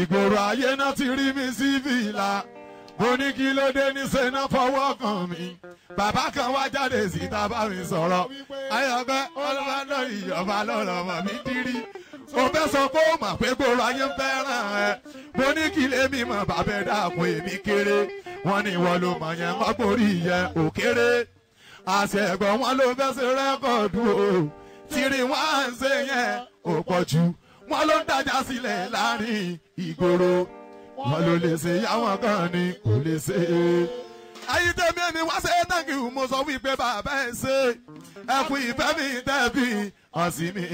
ìgboro ayé náà ti rí mi sí fìlà mo ní kí ló dé níṣẹ́ náà fọwọ́ kàn mí bàbá kan wá jáde síta bá mi sọ̀rọ̀ ayọ̀bẹ ọlọ́dọ̀ ìjọba lọ́rọ̀ mọ̀ mí dírí mo fẹ́ sọ pé ó mà pé gbòòrò ayé ń fẹ́ràn ẹ mo ní kí lèmi mọ̀ bàbẹ́ dààmú èmi kéré wọ́n ní ìwọ ló mọ̀ yẹn wọ́n gbórí yẹn ò kéré wọn ló fẹ́ ṣe rẹ́kọ̀dù tìrì wọn à ń ṣe yẹn ò pọ̀ wọ́n ló ń tajà sílẹ̀ láàrin ìgboro wọ́n ló lè ṣe yáwọn kan ni kò lè ṣe é. ayé tèmi ni ṣe thank you mo sọ wípé bàbá ẹ ṣe ẹ fún ìfẹ́ mi tẹ̀bi ọ̀sìn mi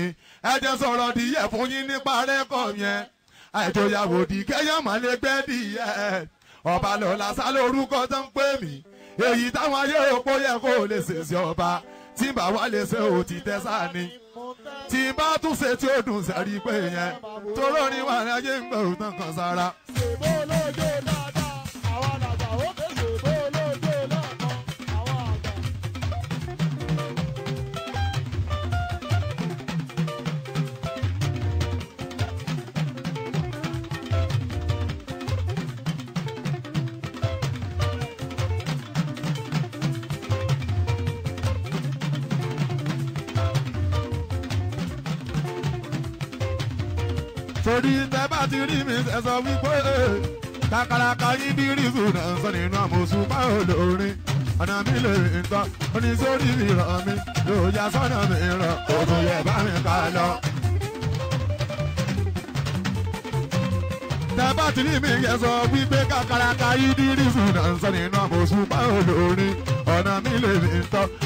ẹ jẹ́ sọ̀rọ̀ díẹ̀ fún yín nípa rẹ́kọ̀ yẹn àjọyàwó di kẹ́yàn máa lè gbẹ́ díẹ̀ ọba lọ́la sá lórúkọ tó ń pè mí èyí táwọn ayé òpó yẹ kó lè ṣèṣe ọba tí bá wá lè ṣe òtí tẹ́sà ni tí bá tún ṣe tí ó dùn sẹ́rí pé yẹn tóró ni wà ní ayé ń gbẹ̀rù tán kan sára. ṣèbó lójó dáadáa àwọn àgbà ó kẹ́. torí tẹ bá ti rí mi ṣe sọ wípé kàkàràkà yín bí rízù náà sọ nínú àmọ̀sù bá olórin ọ̀nà mi lè rìn tán oníṣòrí mi ràn mí yóò yá sọ́nà mi ràn ògùn yẹ bá mi kà lọ. tẹ bá ti rí mi yẹ sọ wípé kàkàràkà yín bí rízù náà sọ nínú àmọ̀sù bá olórin ọ̀nà mi lè rìn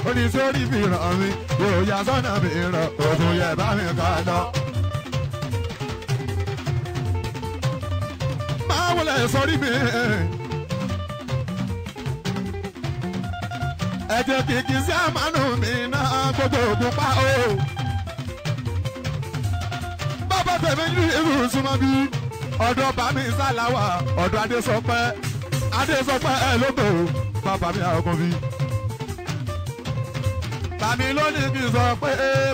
oníṣòrí mi ràn mí yóò yá sọ́nà mi ràn ògùn yẹ bá mi kà lọ. wo lẹ sọrí mi. ẹ jẹ́ kìkì sí àmánù mi náà gbogbo ògùn pa o. bàbá tẹ̀mí ní irú súnmọ́ bí ọ̀dọ̀ bàmí sálàwà ọ̀dọ̀ adésọpẹ́ adésọpẹ́ ẹ̀ lóko bàbá mi àwọn ọkọ mi. Tàmí lónìí kì í sọ pé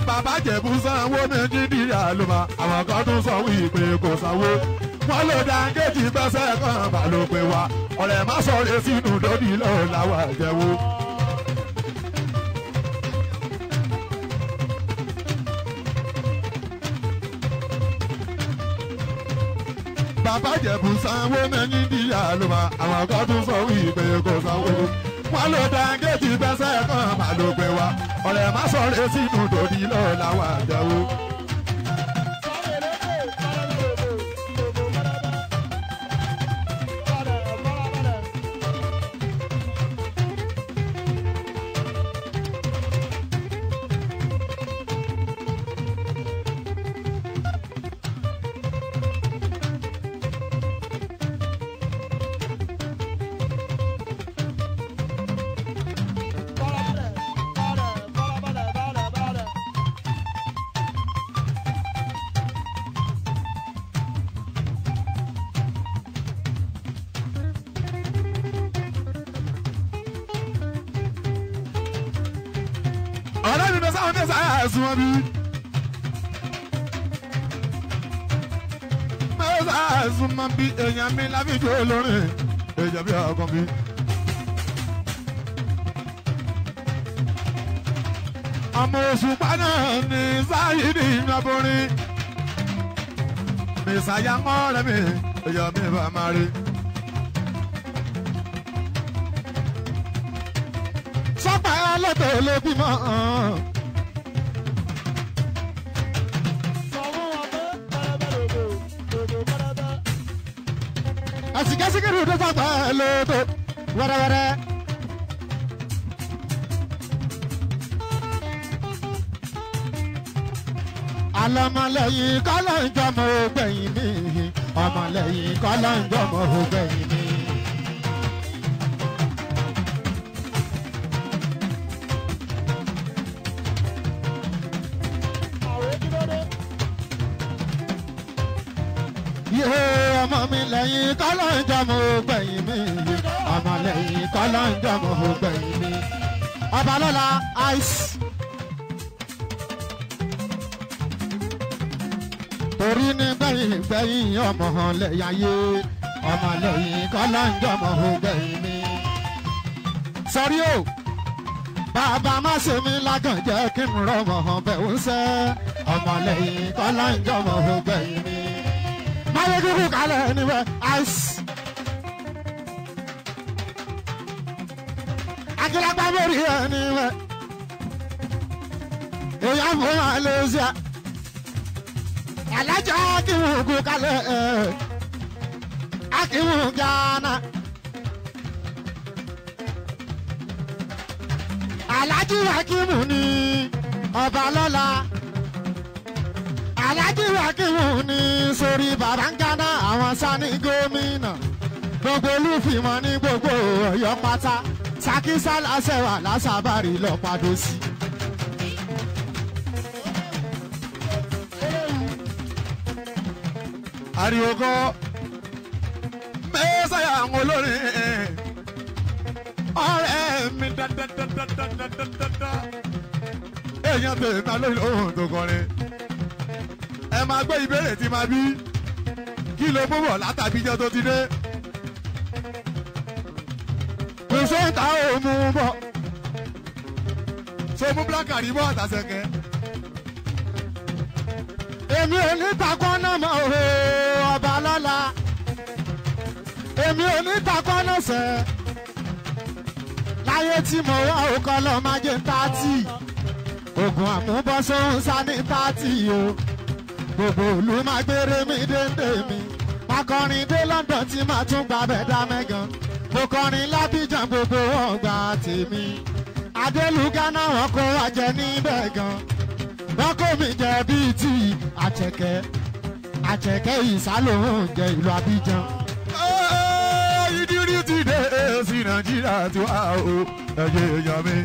bàbá Jẹ̀bú sanwó Nàìjíríà ló ma àwọn kan tún sanwó ìpè kò sanwó wọ́n ló dá géètì gbẹ́sẹ̀ kan bá ló pé wa ọ̀rẹ́ má sọ̀rọ̀ sínú lórí lọ́la wà jẹ́wọ́. bàbá jẹ̀bù sanwó mẹ́ni díyà ló ma àwọn kan tún sọ wípé kò sanwó. wọ́n ló dá géètì gbẹ́sẹ̀ kan bá ló wa ọ̀rẹ́ má sọ̀rọ̀ sínú lórí lọ́la wà jẹ́wọ́. ìjọ Ìlọrin ẹ̀jẹ̀ bí Àkànbí. àmọ́ òṣùpá náà ní sáyé ní ìyàbọ̀rin mi mọ́rẹ́ mi ẹ̀jẹ̀ mi bá máa rí. sọ́pàá ọlọ́tọ̀ ológun mọ́. ಬಾಲೋದು ವರ ವರ alọmọlẹ́yìn kọ́lọ́njọ́mọ́ ògbẹ̀yìn mi ọmọlẹ́yìn kọ́lọ́njọ́mọ́ mi lẹ́yìn kọ́lọ́ ń jọ mo gbẹ̀yìn mi ọmọ lẹ́yìn kọ́lọ́ ń jọ gbẹ̀yìn mi. Ọbalọ́lá ice. torí ní gbẹ̀yìn gbẹ̀yìn ọmọ hàn lẹ́yìn ayé ọmọ lẹ́yìn kọ́lọ́ ń jọ mo gbẹ̀yìn mi. sọrí o bàbá má ṣe mí lágànjẹ́ kí n rọmọ hàn bẹ́ẹ̀ ń sẹ́ ọmọ lẹ́yìn kọ́lọ́ ń jọ gbẹ̀yìn mi ayé kúkú kálẹ̀ níbẹ̀ ice. akílápá bẹ̀rẹ̀ yẹn níbẹ̀ èyí àmọ́ malaysia alájà kìwù kú kálẹ̀ akíwù gánà. alájí hakimu ni ọba lọ́la alákìwákìwù ní sórí bàbáńgánà àwọn sani gómìnà gbogbo olúfìmọ̀ ní gbogbo ọ̀yọ́ pátá sakisa lásẹ̀wà lásàbárì lọ́pàdó sí. ariwo kọ́ mẹ́sàyà àwọn olórin ọ̀rẹ́ mi dáadáa èèyàn tèmi alóyún ohun tó kọrin ẹ máa gbé ìbéèrè tí máa bí kí ló bọ̀bọ̀ látàbí jẹ́ tó ti dé. kùsọ́ ìta ò mú bọ̀ ṣé mú blákàrí bọ́ àtàṣẹ̀kẹ́. èmi ò ní takọ́ náà mọ̀ ọ́ ọba lọ́la èmi ò ní takọ́ náà sẹ́ láyé tí mo wá òkọ́ lọ́ọ́ máa jẹ́ pátì oògùn àmúbọ́sọ́hún sá ní pátì o gbogbo ìlú máa mi déńdé mi akọrin dé London tí màá tún gba bẹ́ẹ̀dá mẹ́gan mo kọrin lábíjàn gbogbo ọgbà tèmi adélúgá náà wọn kó àjẹ níbẹ̀ gan wọn kó mi jẹ bíi ti àjẹkẹ́ àjẹkẹ́ ìsálòhùn jẹ ìlú Abidjan. ìdírí ti dé sí Nàìjíríà tí wà ó ẹ̀yẹ èèyàn mi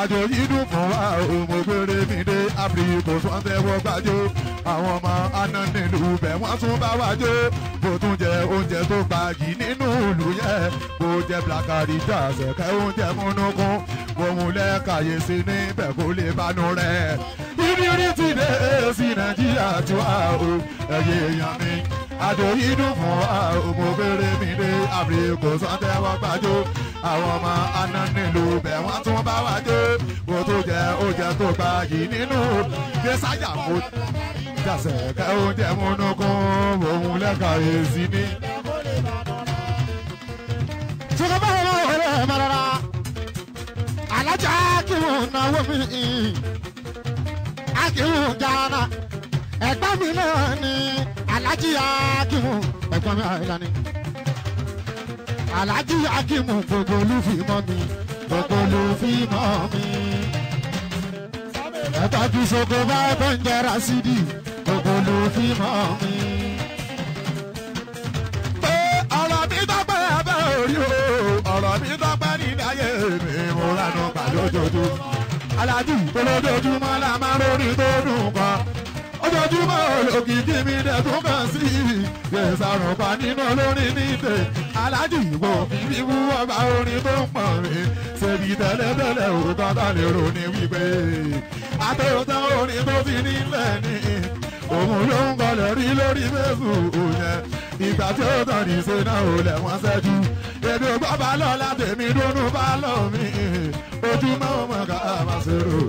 àjò yìí dùn fún wa ó mo gbére mi dé Áfíríkà tó ń tẹ́wọ́ gbájú àwọn ọmọ anánilù bẹ̀ wọ́n tún bá wá jó bó tún jẹ oúnjẹ tó gbayì nínú ìlú yẹn bó jẹ blakari jàzẹ̀kẹ́ oúnjẹ múnukún bó múlẹ̀ kàyèsí níbẹ̀ kó lè banú rẹ̀ ìrírí ti dé sí nàìjíríà tó a o ẹ̀yẹ èèyàn mi àdéhìí dùn fún a òmùgbèrè mi dé àbíkò sọ́tẹ́wọ́ gbàjọ́ àwọn ọmọ aná nílùú bẹ̀ wọ́n tún bá wá dé kó tó jẹ oúnjẹ tó gba yìí nínú gbèsàyà mo jàsẹ̀ ká oúnjẹ múnú kún òun lẹ́ka èsì ní. ṣùgbọ́n báwo ló ń wọlé ẹ̀ mọ́ra alájà kí wọ́n náwó mi akíhùn gánà ẹ̀gbọ́n mi náà ni alájì akíhùn ẹ̀gbọ́n mi àìlànà alájí akimu gbogbo ló fi mọ́ mi gbogbo ló fi mọ́ mi. ẹ̀tọ́jú ṣoko bá tó ń jẹra sídì gbogbo ló fi mọ́ mi. pé ọ̀rọ̀ mi dọ́gba ẹ̀bẹ̀ orí o ọ̀rọ̀ mi dọ́gba nídàáyé mi mo lánàá gbà lójoojúmọ́. alájí olójoojúmọ́ la máa lórí tó dùn kan ojoojúmọ́ olókìkí mi dẹ̀ tún kàn sí i yẹ̀sàrọ̀pá nínú olórin ní tèmi aládìgbò bíbí ọba orin tó ń pọ̀ mi ṣèbí tẹ́lẹ̀tẹ́lẹ̀ òótọ́ tá lè ròní wípé àtẹ̀wọ́tẹ́ orin tó ti nílẹ̀ ni òun ló ń kọlẹ̀ rí lórí fẹ́sù òyẹ ìgbà tí ó tàn ní ṣe náà ò lẹ̀ wọ́n ṣẹ́jú èdè bàbá lọ́la dúnú bá lọ́ mi ojúmọ́ ọmọ kàá máa ṣe rò.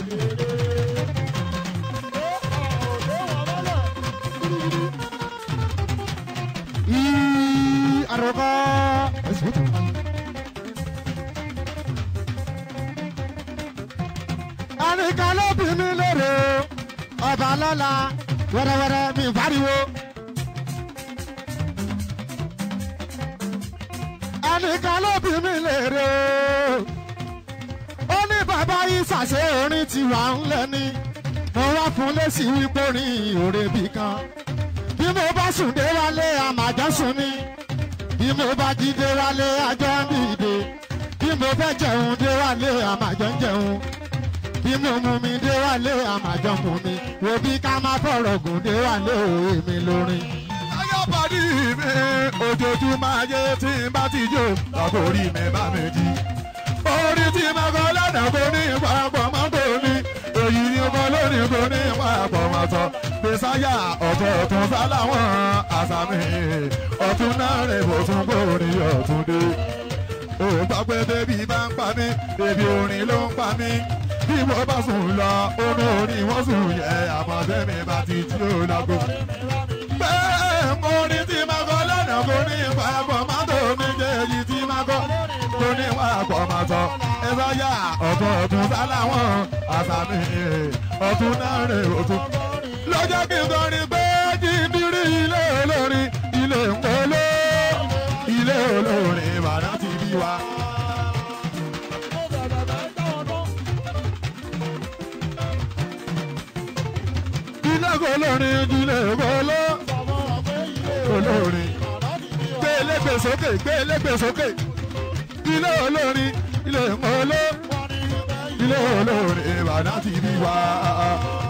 àníkà ló bí mi lérè ọba lọ́la wẹ́rẹ́wẹ́rẹ́ mi pariwo. àníkà ló bí mi lérè ó ní bàbá ìsàsé orin ti wà ń lẹ́ni mo wá fún lẹ́sìn wípé orin ìhòòrè bì bí mo bá sùn dé wálé àmàjọ́sùn ni bí mo bá jí déwálé ajọ́ ń dìde bí mo fẹ́ jẹun déwálé àmàjọ ń jẹun bí mo mú mi déwálé àmàjọ mú mi wo bí ká má fọ̀rọ̀ gùn déwálé òye mi lórin. ọjọ́ bọ̀dí mi ojoojúmọ́ ayé tí n bá ti jó lọ́kọ̀ orí mi bá mi jí orí tí mo kọ́ lọ́nà kò ní ìfọ̀pọ̀ mọ́ ọmọ lónìí kò ní pàpọ̀ wọn sọ bísáyà ọ̀tọ̀ ọ̀tún sáláwọ̀n àsàmì ọ̀tún náà rẹ̀ bó tún gbòòrì ọ̀tún dé. òun gbọ́ pé bébí bá ń pa mí bébí orin ló ń pa mí bí wọ́n bá sùn lọ oorun orí wọ́n sùn yẹ àmọ̀tẹ́mi bá ti jí ó bẹ́ẹ̀ mo ní tí màá kọ́ lọ́nà kò ní pàpọ̀ máa àpọ̀mọ̀tọ̀ ẹ̀sọ́yà ọ̀tún ọ̀tún sáláwọ̀n àsàmì ọ̀tún náà rè ọ̀tún. lọ́jọ́ kí n kọrin pé jíndírí ilé olórin ilé ńkọ́lé ilé olórin ìbàdàn. olórin ìdílé gbọ́lọ́ olórin gbé elégbèsókè gbé elégbèsókè ilé olórin ilé mọ́ló ilé olórin ìbàdàn ti bí wa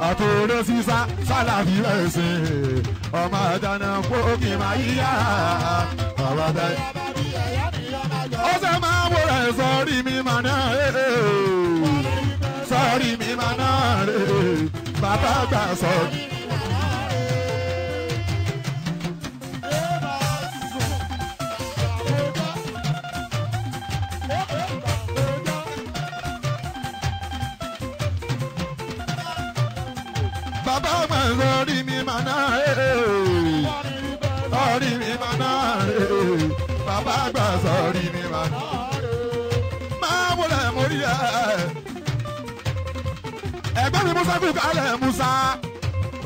àtòrò sísá sálàbí ẹ̀sìn ọmọ àdáná kókì máa yíyá bàbá dáì. ó ṣe máa ń wọra ẹ̀ sọ́ọ́rí mi màá náà sọ́ọ́rí mi màá náà bàbá gbà sọ́ọ́rí. Mana, ná sọ́ọ̀rì mi máa ná bàbá àgbà sọ́ọ̀rì mi máa ná máa múlẹ̀ mórí ẹ̀ ẹ̀gbẹ́ mi Musa kú kálẹ̀ Musa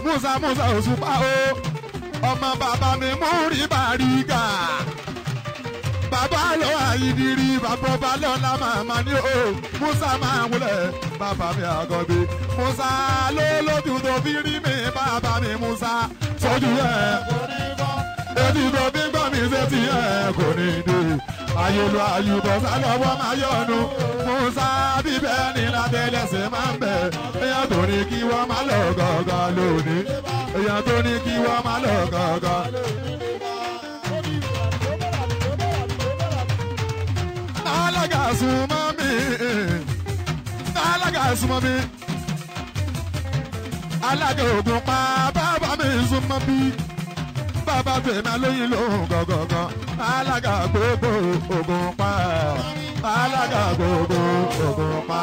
Musa Musa Òṣùpá o ọmọ bàbá mi múrí Bàrígà bàbá lọ àyídìrí bàbá lọ́la màmá ni o Musa máa múlẹ̀ bàbá mi àgọ́bí. Musa ló lójú tó fi rí mi bàbá mi Musa sójú ẹ̀ kò ní bọ́ etí tó fi gbọ́ mi sétí ẹ̀ kò ní dùn ayélu ayùbọ̀ sálọ́wọ́ máa yọnu Musa bíbẹ́ ni lábẹ́lẹ́sẹ̀ máa ń bẹ̀ èèyàn tó ní kí wọ́n máa lọ gángan lónìí èèyàn tó ní kí wọ́n máa lọ gángan lónìí. alága mi alága súnmọ́ mi aládé ògùn pa bàbá mi súnmọ́ bí bàbá tèmi lóyún lóhùn gangan alága gbogbo ògùn pa alága gbogbo ògùn pa.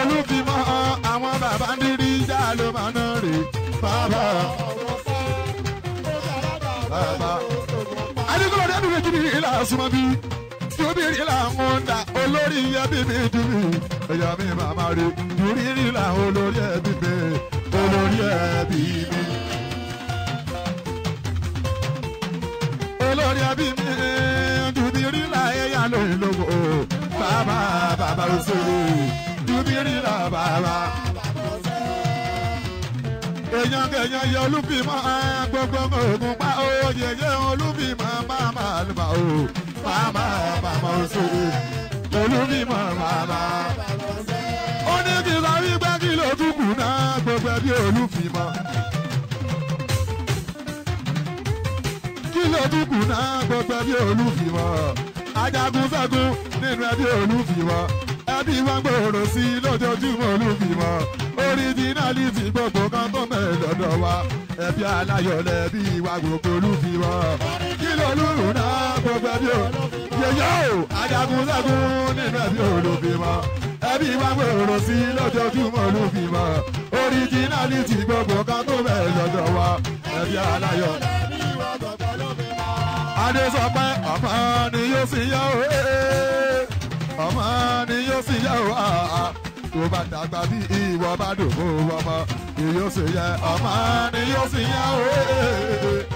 olùbímọ àwọn bàbá ń dirí já ló máa ná rè bàbá. bàbá. adigunlọ̀dẹ́ mi lè jí ni ìlà súnmọ́ bí obìnrin làwọn ọ̀dà olórí ẹbí mi dùbì ẹ̀yà mi màmá rè ìrírí làwọn olórí ẹbí mi olórí ẹbí mi. olórí ẹbí mi dùbì rí là ẹ̀yà lórí lóko bàbá bàbá òṣèré dùbì rí là bàbá èèyàn kẹyàn yẹ olúfìmọ gbogbo ogun pa ó yẹyẹ olúfìmọ bá máa lùbà ó. Mama, mama, òṣèré olúbímọ mama, mama, ní Oni n sọ wípé kí ló tún kù náà gbogbo ẹbí olúfìmọ. kí ló tún kù náà gbogbo ẹbí olúfìmọ. ajagun ṣẹ́gun nínú ẹbí olúfìmọ. ẹbí wọn gbòòrò sí i lójoojúmọ́ olúfìmọ. orijinality gbogbo kan tó mẹ́ lọ́dọ̀ wa ẹbí aláyọ̀lẹ̀ bí ìwà gbogbo olúfìmọ olúrun náà gbogbo ẹbí o yẹyẹ o ajagunṣẹ́gun nínú ẹbí olùbímọ ẹbí máa gbèrò sí lójoojúmọ́ olùbímọ oríjínálítì gbogbo ká tó bẹ̀rẹ̀ lọ́dọ̀ wa ẹbí aláyọ̀ adé sọ pé ọmọ ni yóò sì yá o ọmọ ni yóò sì yá o tó bá dàgbà bí ìwọ bá dòwò ọmọ ni yóò sì yẹ ọmọ ni yóò sì yá o.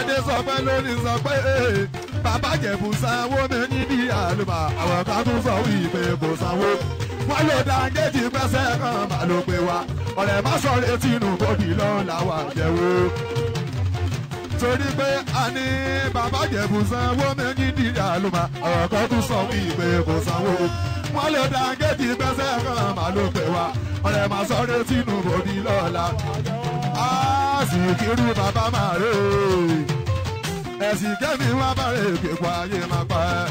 adésọpẹ́ lórí sọ pé bàbá jẹ̀bù sanwó mi níbi àlùmọ̀ àwọn kan tún sọ wípé kò sanwó wọ́n ló dá géètì pẹ́sẹ́ kan bá ló pé wa ọ̀rẹ́ má sọ retí inú kóbì lọ́n làwà jẹ́wó. torí pé a ní bàbá jẹ̀bù sanwó mi níbi àlùmọ̀ àwọn kan tún sọ wípé kò sanwó wọ́n ló dá géètì pẹ́sẹ́ kan bá ló pé wa ọ̀rẹ́ má sọ retí inú kóbì lọ́n làwà jẹ́wó ẹ̀sìn kiri bàbá máa rè é ẹ̀sìn kẹ́mi wá bá rè é kékun ayé máa pa ẹ́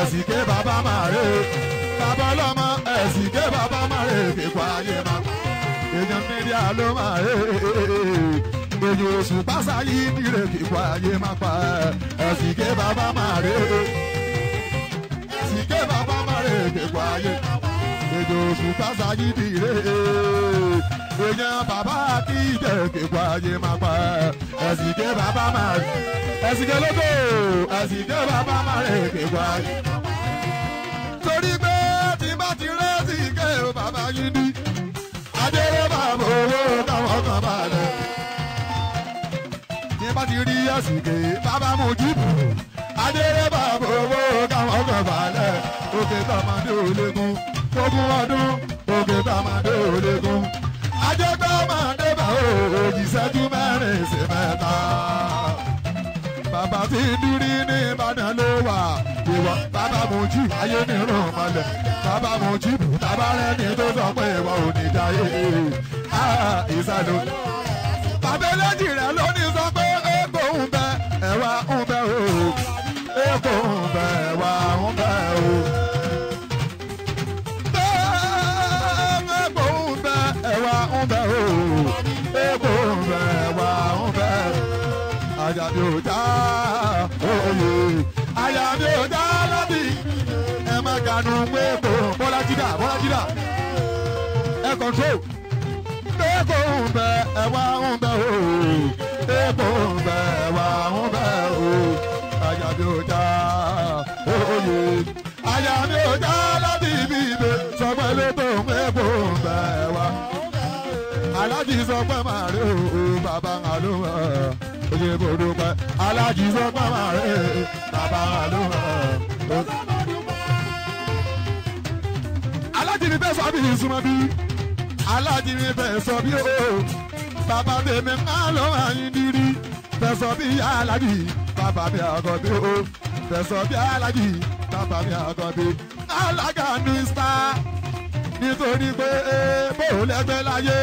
ẹ̀sìn ké bàbá máa rè é bàbá ọlọ́mọ ẹ̀sìn ké bàbá máa rè é kékun ayé máa pa ẹ́ èèyàn mídíà ló máa rè é èyí oṣù pásá yìí nire kíkọ ayé má pa ẹsìn ké bàbá má rè ẹsìn ké bàbá má rè kíkọ ayé èyí oṣù pásá yìí nire èèyàn bàbá kí ìdẹ̀kẹ̀ kó ayé máa pa ẹ̀sìnkẹ́ bàbá máa rẹ̀ ẹ̀sìnkẹ́ lóko ẹ̀sìnkẹ́ bàbá máa rẹ̀ kẹ̀ kó ayé. torí pé tí bá ti rẹ́ sí ike bàbá yìí ní adéré bàbá owó táwọn kan bá lẹ̀. tí bá ti rí ẹ̀sìnkẹ́ bàbá mu jíìpù adéré bàbá owó táwọn kan bá lẹ̀ òkè tàmádé olégún ogún ọdún òkè tàmádé olégún ajẹ́gbọ́ máa débà òòjì ìṣẹ́jú mẹ́rin sí mẹ́ta. bàbá tí dúrí ní Ìbàdàn ló wà ìwọ bàbá Mují ayé nírun mọ́lẹ̀ bàbá Mují bàbá rẹ̀ ní tó sọ pé ìwọ ò ní dáyé ìsàlù. bàbá eléjì rẹ̀ ló sọ pé èkó ń bẹ ẹ̀wà ń bẹ òòjì èkó ń bẹ. mi ò dá òye àyà mi ò dá lábì ẹ má ganu pé bò bọ́lá jìdá bọ́lá jìdá ẹ kọ̀ntró ebo ń bẹ ẹwà ń bẹ o ebo ń bẹ ẹwà ń bẹ o àyà mi ò dá òye àyà mi ò dá lábì mi ibè sọ pé lebo ń ebo ń bẹ ẹwà aláàjì sọ pé màrí o bàbá màlúù ó ṣe mo dúpẹ́ alájí sọ màmá rẹ̀ bàbá ló hàn tó sọ mo dúpẹ́. alájí ni bẹ́ẹ̀ sọ bí ìsúnmọ́ bí alájí ni bẹ́ẹ̀ sọ bí o bàbá tèmi máa lọ àyín dídí bẹ́ẹ̀ sọ bí alájí bàbá mi àgọ́bí o bẹ́ẹ̀ sọ bí alájí bàbá mi àgọ́bí alága ní star nítorí pé bó lẹ́gbẹ́ láyé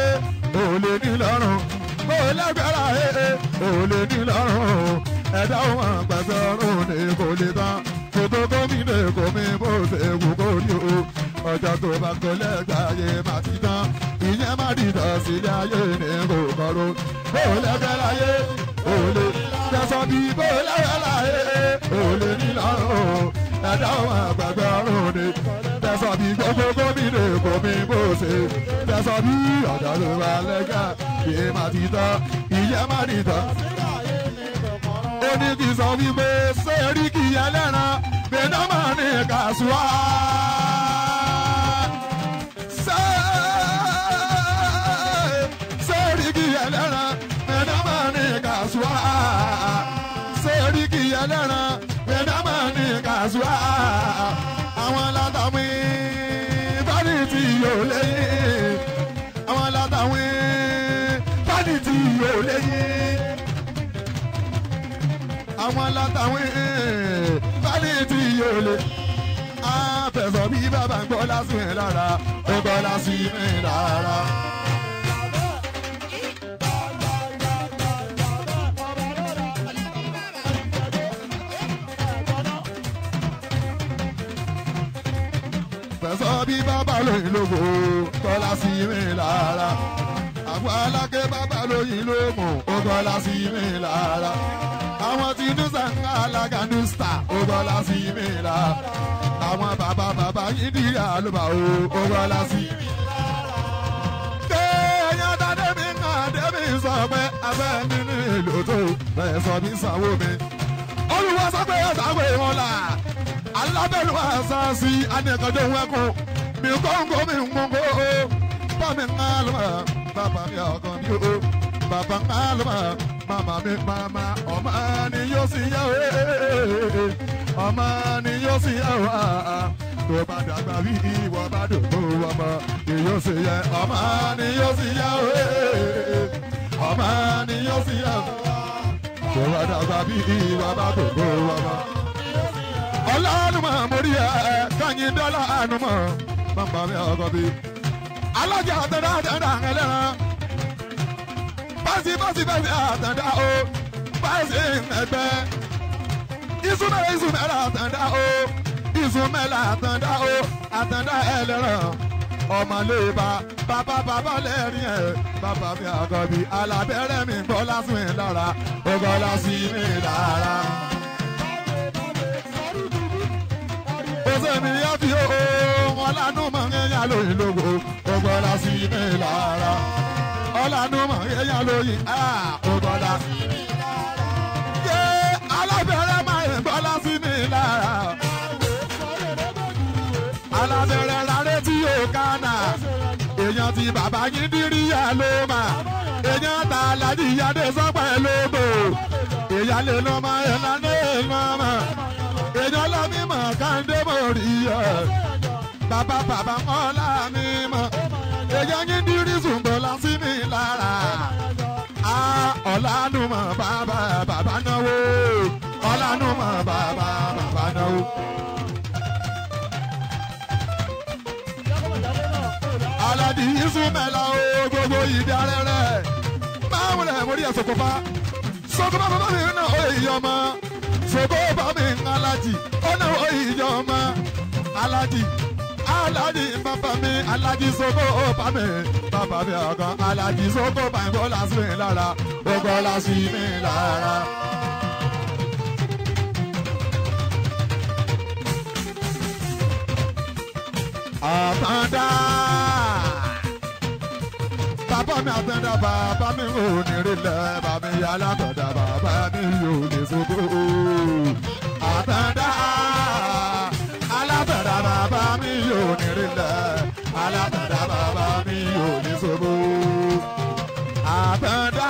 ò lè ní lọ́rùn ó lágbára ee eh, eh, ò lè ní lọ́rùn ẹ̀dá ohun àgbàgbẹ́ ọ̀run ni kò lè tán kò gómìnà èkó mi bó ṣe wù kó ní o ọjọ́ tó bá kó lẹ́gbàáyé má ti tán ìyẹn má dìtọ̀ sílé ayé ní kò kọ́rọ́ ó lágbára ee eh, ò lè tẹ̀sán bí bó lágbára ee ò lè ní lọ́rùn dàda àwọn àgbàgbà ọ̀run ni tẹ̀sán bí gbogbo gómìnà èkó mi bó ṣe tẹ̀sán bí ọ̀dọ́ ló wà lẹ́gà kí ẹ má ti tán ìyẹn má ti tán. ó ní kí sọ wípé ṣé eríkì ẹlẹ́ran gbẹ̀dọ́ máa ní kàṣùwà. àwìn fálẹ́tì yóò lè àfẹ̀fọ́ bí bàbá ń gbọ́ lásìkò yẹn lára ó gbọ́ lásìkò yẹn lára. sọ bí bàbá lóyìn lóko kọ́lá sí mi lára. àwọn alákẹ́ bàbá lóyìn lóko ó kọ́lá sí mi lára àwọn tí nusa ń alága nusa ó bọ́lá sí mi lára àwọn bàbá bàbá yìí di àlùbà ó ó bọ́lá sí mi lára. téèyàn ta débi ń kàn débi sọ pé abẹ́ mi ní tó bẹ́ẹ̀ sọ mí sanwó mi. olùwọ́ sọ pé ọ̀sán pé wọ́n là alábẹ́lú àṣà sí anìkanjọ́ wẹ́kùn mi kóńgó mi ń kóńgó bá mi ń kàn lọ́mọ bàbá mi ọkàn mi ó bàbá ń kàn lọ́mọ. Mama, mi màmá ọmọ ni yóò sì yá ọmọ ni yóò sì yá wá tó bá dàgbà bí ìwọ bá dògbò ọmọ ni yóò sì yẹ ọmọ ni yóò sì yá ọmọ ni yóò sì yá tó bá dàgbà bí ìwọ bá dògbò ọmọ. ọlọ́nùmọ̀ mórí ẹ̀ káyìn dọ́là ànùmọ̀ bàbá mi ọkọ̀ bí alájà dáadáa dáadáa ẹlẹ́ran. Bazi bazi bazi àtàndá o báṣì ẹgbẹ́ ìsúmẹ̀lẹ̀ ìsúmẹ̀lẹ̀ àtàndá o ìsúmẹ̀lẹ̀ àtàndá o àtàndá ẹlẹ́ràn ọmọ lóba bàbá bàbá lẹ́rìn ẹ̀ bàbá mi àgọ́bí alábẹ́rẹ́ mi gbọ́ lásùn ẹ̀ lára ó gbọ́ mi lára. sẹ́mi yá fi ó wọn lánàá mọ̀ ń yá lóyún lógo ó mi lára lánú mọ̀ yéèyàn lóyìn ó bọ́lá. yé alábẹ̀rẹ̀ máa ń bọ́lá sí mi lára. alábẹ̀rẹ̀ láré tí yóò kánà. èèyàn ti bàbá yín dírí yà ló mà. èèyàn ta aládì ìyáde sọ́pẹ́ lóbò. èèyàn lè lọ́ máa ẹ̀ lánàá ẹ̀ máa mà. èèyàn lọ́ mímọ̀ káńdé mọ̀ rí ẹ̀ bàbá bàbá mọ́lá mi mọ̀ èèyàn yín dí ọ̀lànùmọ̀ bàbá bàbá náwó ọ̀lànùmọ̀ bàbá bàbá náwó. aládì ìsúnmẹ́lá o gbogbo ìdárẹ́rẹ́ máa ń rẹ̀ mórí ẹ̀sùn kọfà sọgbọ́n bàbá mi ń ná òyìn ọmọ sọgbọ́n bàbá mi ń alájì ó ná òyìn ọmọ alájì aláàjì bàbá mi aláàjì sọ́kò bá mi bàbá mi ọ̀gán aláàjì sọ́kò bá mi kó lásì mi lára ó kó mi lára. àtàndá bàbá mi àtàndá bàbá mi ò ní rí bàbá mi alábàdà bàbá mi ò ní sọ́kò àtàndá. alágbádá bàbá mi ò ní ṣòbò. àtàndá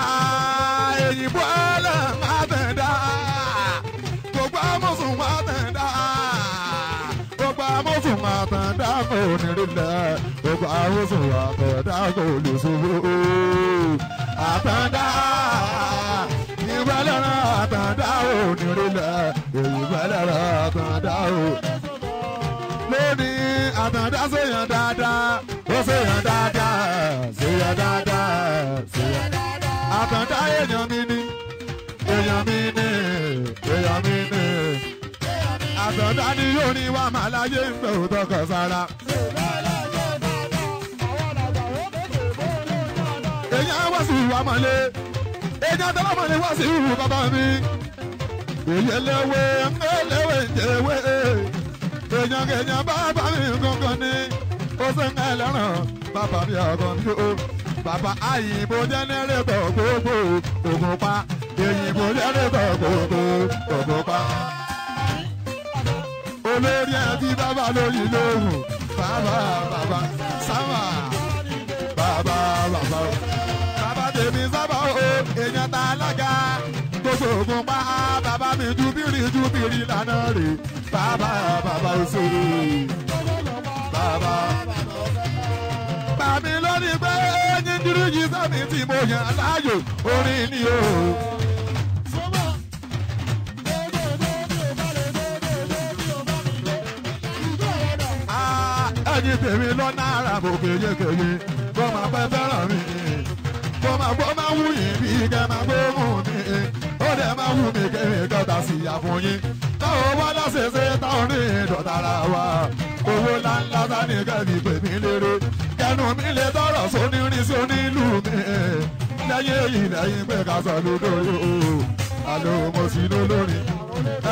èyìnbó ẹlẹ́mọ̀ àtàndá gbogbo amọ̀sùn àtàndá gbogbo amọ̀sùn àtàndá kò ní rílẹ̀ gbogbo amọ̀sùn àtàndá kò lè ṣòbò. àtàndá ìbálẹ̀ àtàndá ò ní rílẹ̀ èyí bálẹ̀ àtàndá ò àtàndá ṣèyàn dáadáa ó ṣèyàn dáadáa ṣèyàn dáadáa ṣèyàn dáadáa àtàndá èèyàn mi ni èèyàn mi ni èèyàn mi ni àtàndá ni yóò ní wà máa láyé ìfẹ́ òótọ́ kan sára. èèyàn wá sí ìwà mọ̀lẹ́ èèyàn tọ́lá mọ̀lẹ́ wá sí ìwù bàbá mi èèyàn lẹ́wẹ̀ẹ́ ń lẹ́wẹ̀ẹ́ ń jẹ́wẹ́ẹ́ èèyàn kèèyàn bàbá mi gangan ni ó sì ń ẹlẹ́ràn bàbá mi ọ̀gàn tó bàbá àyìnbó jẹ́nẹ́rẹ́tọ̀ gbogbo ògùn pa èyìnbó jẹ́nẹ́rẹ́tọ̀ gbogbo ògùn pa. olórí ẹbí bàbá lóyún lóhùn bàbá bàbá sábà bàbá bàbá tèmi sábà o èèyàn ta alága gbogbo ògùn pa bàbá mi ju bírí ju bírí lànà rè bàbá bàbá òṣèré bàbá bàmí lónìí pé ní dúró yìí sẹ́mi tí mo yàn láàyò orin ni o. Ah, ẹyin tèmi lọ́nà àràbò kèyekèye kó máa pẹ́ fẹ́ràn wù yín bí kẹ́ máa gbóhùn mi ó dẹ̀ máa wù mí kéré dọ́ta sí àfún yín táwọn wá láṣẹṣe táwọn ní ìdọ̀tà ara wa owó ńláńlá sani kẹ́mi pè mí lérè kẹnu mi lè tọrọ sónírin sónílù mi lẹ́yìn èyí lẹ́yìn pé ká sọ lódòdó àlọ́ mo sì lólórí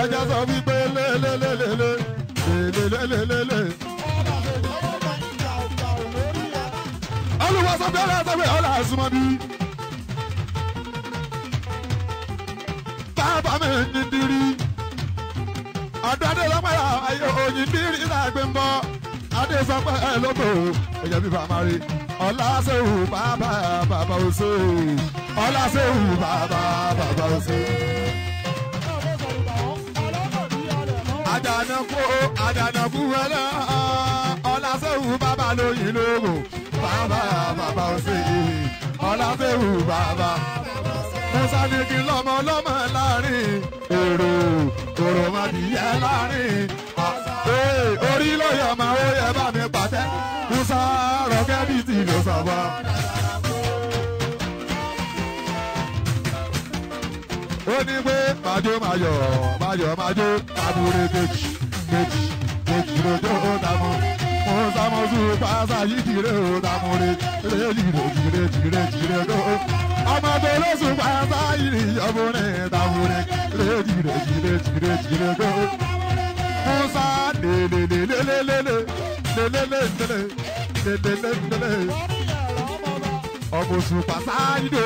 ẹjẹ sọ wípé lélélélélé lélélélélé. olùwọ́sọ bẹ́ẹ̀ lọ́sọ̀ pé ọ̀là àsùnmọ́ bíi. bàbá mi ní diri. ọ̀dọ́ adé lọ́pẹ́lá ayé òyìn diri lágbè ń bọ́. adé sọpẹ́ ẹ lóko ẹ̀yẹ bí bàmá rí. ọ̀la sẹ́wù bàbá bàbá òṣè. ọ̀la sẹ́wù bàbá bàbá òṣè. àdànàkú àdànàkú wẹlẹ ọ̀la sẹ́wù bàbá lóyìn lóko bàbá bàbá òṣè. ọ̀la sẹ́wù bàbá bàbá òṣè ẹ̀sà ni kí lọ́mọ lọ́mọ láàrin èrò kòrò má di yẹ láàrin orí ló yẹ mà ó yẹ bá mi pàtẹ́ musa rọ́kẹ́tì tí ló sọ̀bọ. ó ní pé màjò màjò màjò màjò àbúrò kejì kejì kejì lójó ó dàmú musa mọ̀sùn pàṣẹ yìí kiri ó dàmú rè rè jìrè jìrè jìrè jìrè lójó ọmọ tó lóṣùn pàṣẹ yìí ìyọ̀bù ní ìtàbù ní lẹ́jì lẹ́jì lẹ́jì lẹ́jì lẹ́jì musa lelelelelelele lelelelele lelelelele ọmọ òṣùn pàṣẹ yìí dé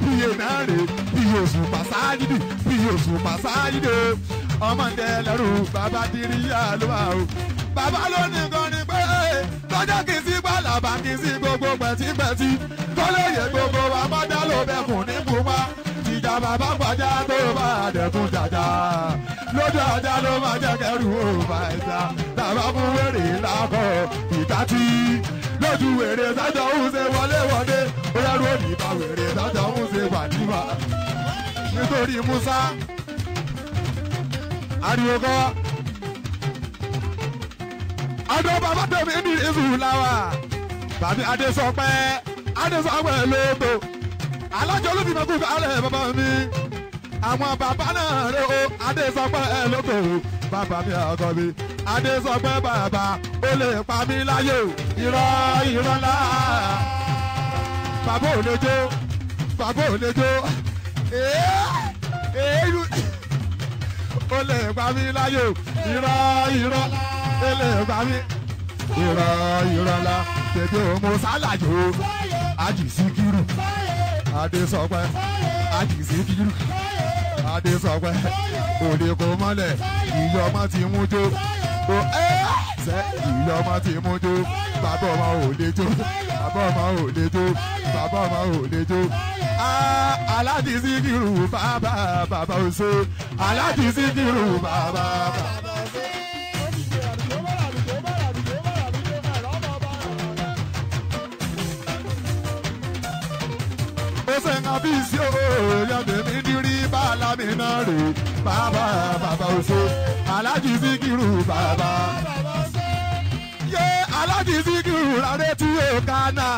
bíyè náà rè bíyè òṣùn pàṣẹ yìí dé bíyè òṣùn pàṣẹ yìí dé ọmọ ń tẹ lẹ́rù bàbá dirí yà ló wà o bàbá ló ní gan ni kọjá kì í sí pàlàbà kì í sí gbogbo pẹ̀típẹ̀tí kó lè yẹ gbogbo amọ́dá ló bẹ̀kùn ní bùmá ìjà bàbá pàjá tó bá dẹ̀kun jàjà lójú ajá ló máa jẹ́ kẹrù òòfà ẹ̀dá tàbá fún wèrè lákọ̀ ìtàtí lójú wèrè sájọ ń ṣe wọléwọlé ó yẹrù òdìbà wèrè sájọ ń ṣe wàdìbà nítorí Musa ariwo kọ́ ọ̀dọ̀ bàbá tèmi ní ìfù làwà bàbí adésọpẹ́ adésọpẹ́ lóòótọ́ alájọ olùdìmọ̀kú alẹ́ bàbá mi àwọn bàbá náà rẹ o adésọpẹ́ lóòótọ́ bàbá mi ọkọ mi adésọpẹ́ bàbá ó lè pa mí láyé o irọ́ irọ́ ńlá bàbá ò lè jó bàbá ò lè jó ó lè pa mí láyé o irọ́ irọ́ ńlá ele bami irọ́ irọ́ la tètè mo sálàjò àjì síkírù adésọpẹ́ àjì síkírù adésọpẹ́ òde kò mọ́lẹ̀ ìyọmọ ti mú jó o ẹ sẹ ìyọmọ ti mú jó bàbá ọmọ ò lè jó bàbá ọmọ ò lè jó bàbá ọmọ ò lè jó aládìsíkírù bàbá bàbá òṣè aládìsíkírù bàbá bàbá. ó ṣe ń abí sí òòyà tèmi nírí bàlámì náà rè bàbá bàbá oṣó alájì síkírù bàbá. yé alájì síkírù rárẹ̀ tí yóò kánà.